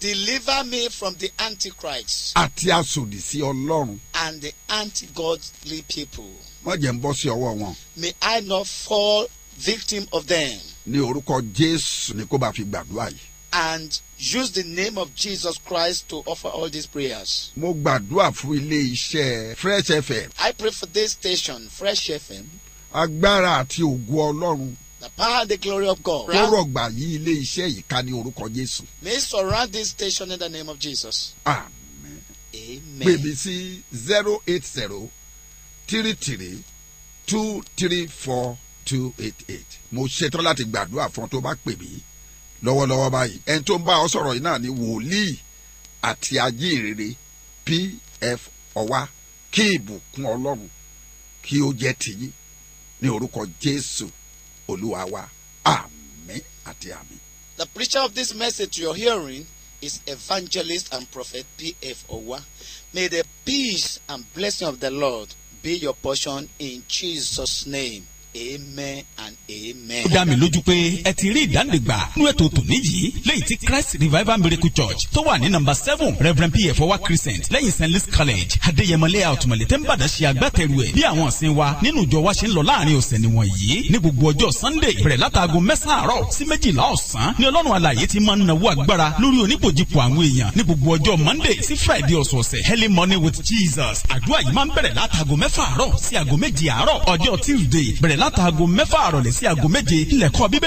Deliver me from the antichrist. Àti asòdì Ọlọ́run. And the anti-godly people. Má jẹ́ n bọ́ sí ọwọ́ wọn. May I not fall victim of them ní orúkọ jésù ni kó bá fi gbàdúrà yìí. and use the name of Jesus Christ to offer all these prayers. mo gbàdúrà fún ilé iṣẹ́ Fresh FM. I pray for this station Fresh FM. agbára àti ògo ọlọ́run. The power and the glory of God. Ó rọ̀gbà yí ilé iṣẹ́ yìí ká ní orúkọ Jésù. May surround this station in the name of Jesus. Amen. Amen. Bèbí sí zero eight zero three three two three four two eight eight mo ṣetán láti gbàdúrà fún ọ tó bá pè mí lọ́wọ́lọ́wọ́ báyìí ẹni tó ń bá ọ sọ̀rọ̀ yìí náà ni wòlíì àti ajínrere pf ọwá kí ìbùkún ọlọ́run kí ó jẹ́ tiyín ní orúkọ jésù olúwa wa àmín àti àmín. The preacher of this message you are hearing is evangelist and prophet P.F. Owa. May the peace and blessing of the Lord be your portion in Jesus' name amen and amen. ó dá mi lójú pé ẹ ti rí ìdánidìgbà nínú ètò tòní yìí lẹ́yìn tí christ revival miracle church tó wà ní nàmbà seven reverend pf ọwá crescent lẹ́yìn st louis college adéyẹmọlẹ́ àtùmọ̀lẹ́ tẹ́ ń bàdá ṣe agbátẹrù ẹ̀ bí àwọn ọ̀sìn wa nínú ìjọ wa ṣe ń lọ láàrin ọ̀sẹ̀ nìwọ̀n yìí ní gbogbo ọjọ́ sunday bẹ̀rẹ̀ látàgò mẹ́sàn-án àárọ̀ sí méjìlá ọ̀sán ni ọlọ́run alààyè ti máa ń nawó agbára lórí oníbòjìpò àwọn èèyàn ní gbogbo ọjọ́ monday sí friday ọ̀sọ̀ọ̀sẹ̀ early morning with jesus àdúrà yìí máa ń bẹ̀rẹ̀ látàgò mẹ́fà àárọ̀ sí àgò méje àárọ̀ ọjọ́ tuesday bẹ̀rẹ̀ látàgò mẹ́fà àrọ̀lẹ́ sí àgò méje ilẹ̀kọ́ bíbélì